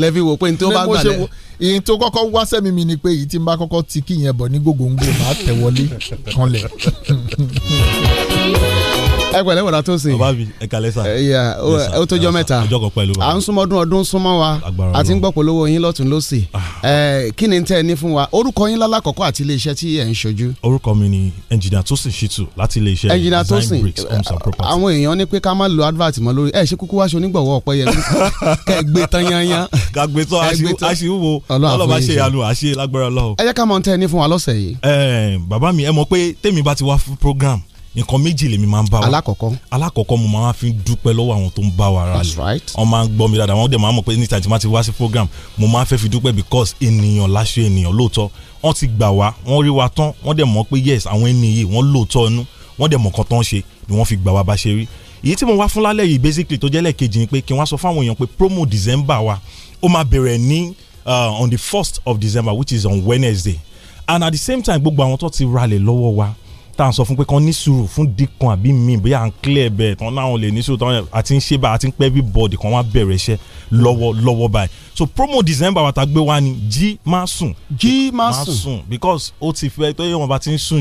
lẹ́fi wo pé n tó bá gbà ìyẹn tó kọ́kọ́ wá sẹ́mi mi ni pé èyí tí n bá kọ́kọ́ ti kí yẹn bọ̀ ní gògóńgò máa tẹ̀ kanlẹ̀. ẹ pẹ̀lẹ́ wọ̀dà tó sè. ọba mi ẹ kalẹ sa. ó tó jọ mẹ́ta à ń súnmọ́ ọdún ọdún súnmọ́ wa a ti ń gbọ́ polówó yín lọ́tún lọ́sì ah. kí ni tẹ́ ẹ ní fún wa orúkọ yín lálàkọ́kọ́ àti iléeṣẹ́ tí ẹ̀ ń ṣojú. orúkọ mi ni ẹnjìnà Tosin Shitu láti iléeṣẹ́ Design Bricks homes and properties. àwọn èèyàn ní pé ká má lo advert mọ́ lórí ẹ ṣe kúkú wá ṣonígbọ̀wọ́ ọ̀pẹ yẹn kẹ gbé tán yányán. ká gbé tán aṣíwò ọlọ́ba ṣe ìyanu àṣe lágbára Ọlọ́run. ẹ jẹ́ ká mọ̀ ní tẹ́ ẹ ní fún wa lọ́sẹ̀ yìí. bàbá mi ẹ mọ̀ pé tèmi bá ti wá fún program nǹkan méjì lèmi máa ń bá wa alákọ̀ọ́kọ́ alákọ̀ọ́kọ́ mo máa fi dúpẹ́ lọ́wọ́ àwọn tó ń bá wa rálẹ̀ that's right máa ń gbọ́ mi dáadáa wọ́n dẹ̀ máa mọ̀ pé anytime tí wọ́n ti wá sí program mo máa fẹ́ fi dúpẹ́ because ènìyàn láṣẹ ènìyàn lóòótọ́ wọ́n ti gbà wá wọ́n rí wa tán wọ́n dẹ̀ mọ̀ pé yes àwọn ẹni yìí wọ́n lóòótọ́ inú wọ́n dẹ̀ mọ̀ kan tán ṣe ni wọ́n fi gbà wá bá ṣe rí èyí tí mo wá fún lálẹ́ yìí basically tó jẹ́ lẹ́ẹ̀kejì ni pé kí wọ́n sọ fáwọn èèyàn pé promo December wa ó máa bẹ̀rẹ̀ ní uh, on the first of December which is on Wednesday and at the same time gbogbo àwọn tó ti ralẹ̀ lọ́wọ́ wa tá à ń sọ fún pé kán ní sùúrù fún dìkan àbí mi bóyá à ń clear bẹ́ẹ̀ tán láwọn lè ní sùúrù tán àti ń ṣe bá àti ń pẹ́ bí bọ́ọ̀dì kan wá bẹ̀rẹ̀ iṣẹ́ lọ́wọ́ lọ́wọ́ báyìí so promo december wa ta gbé wá ni jí má sùn jí má sùn because ó ti fẹ́ tó yẹ wọn bá ti ń sùn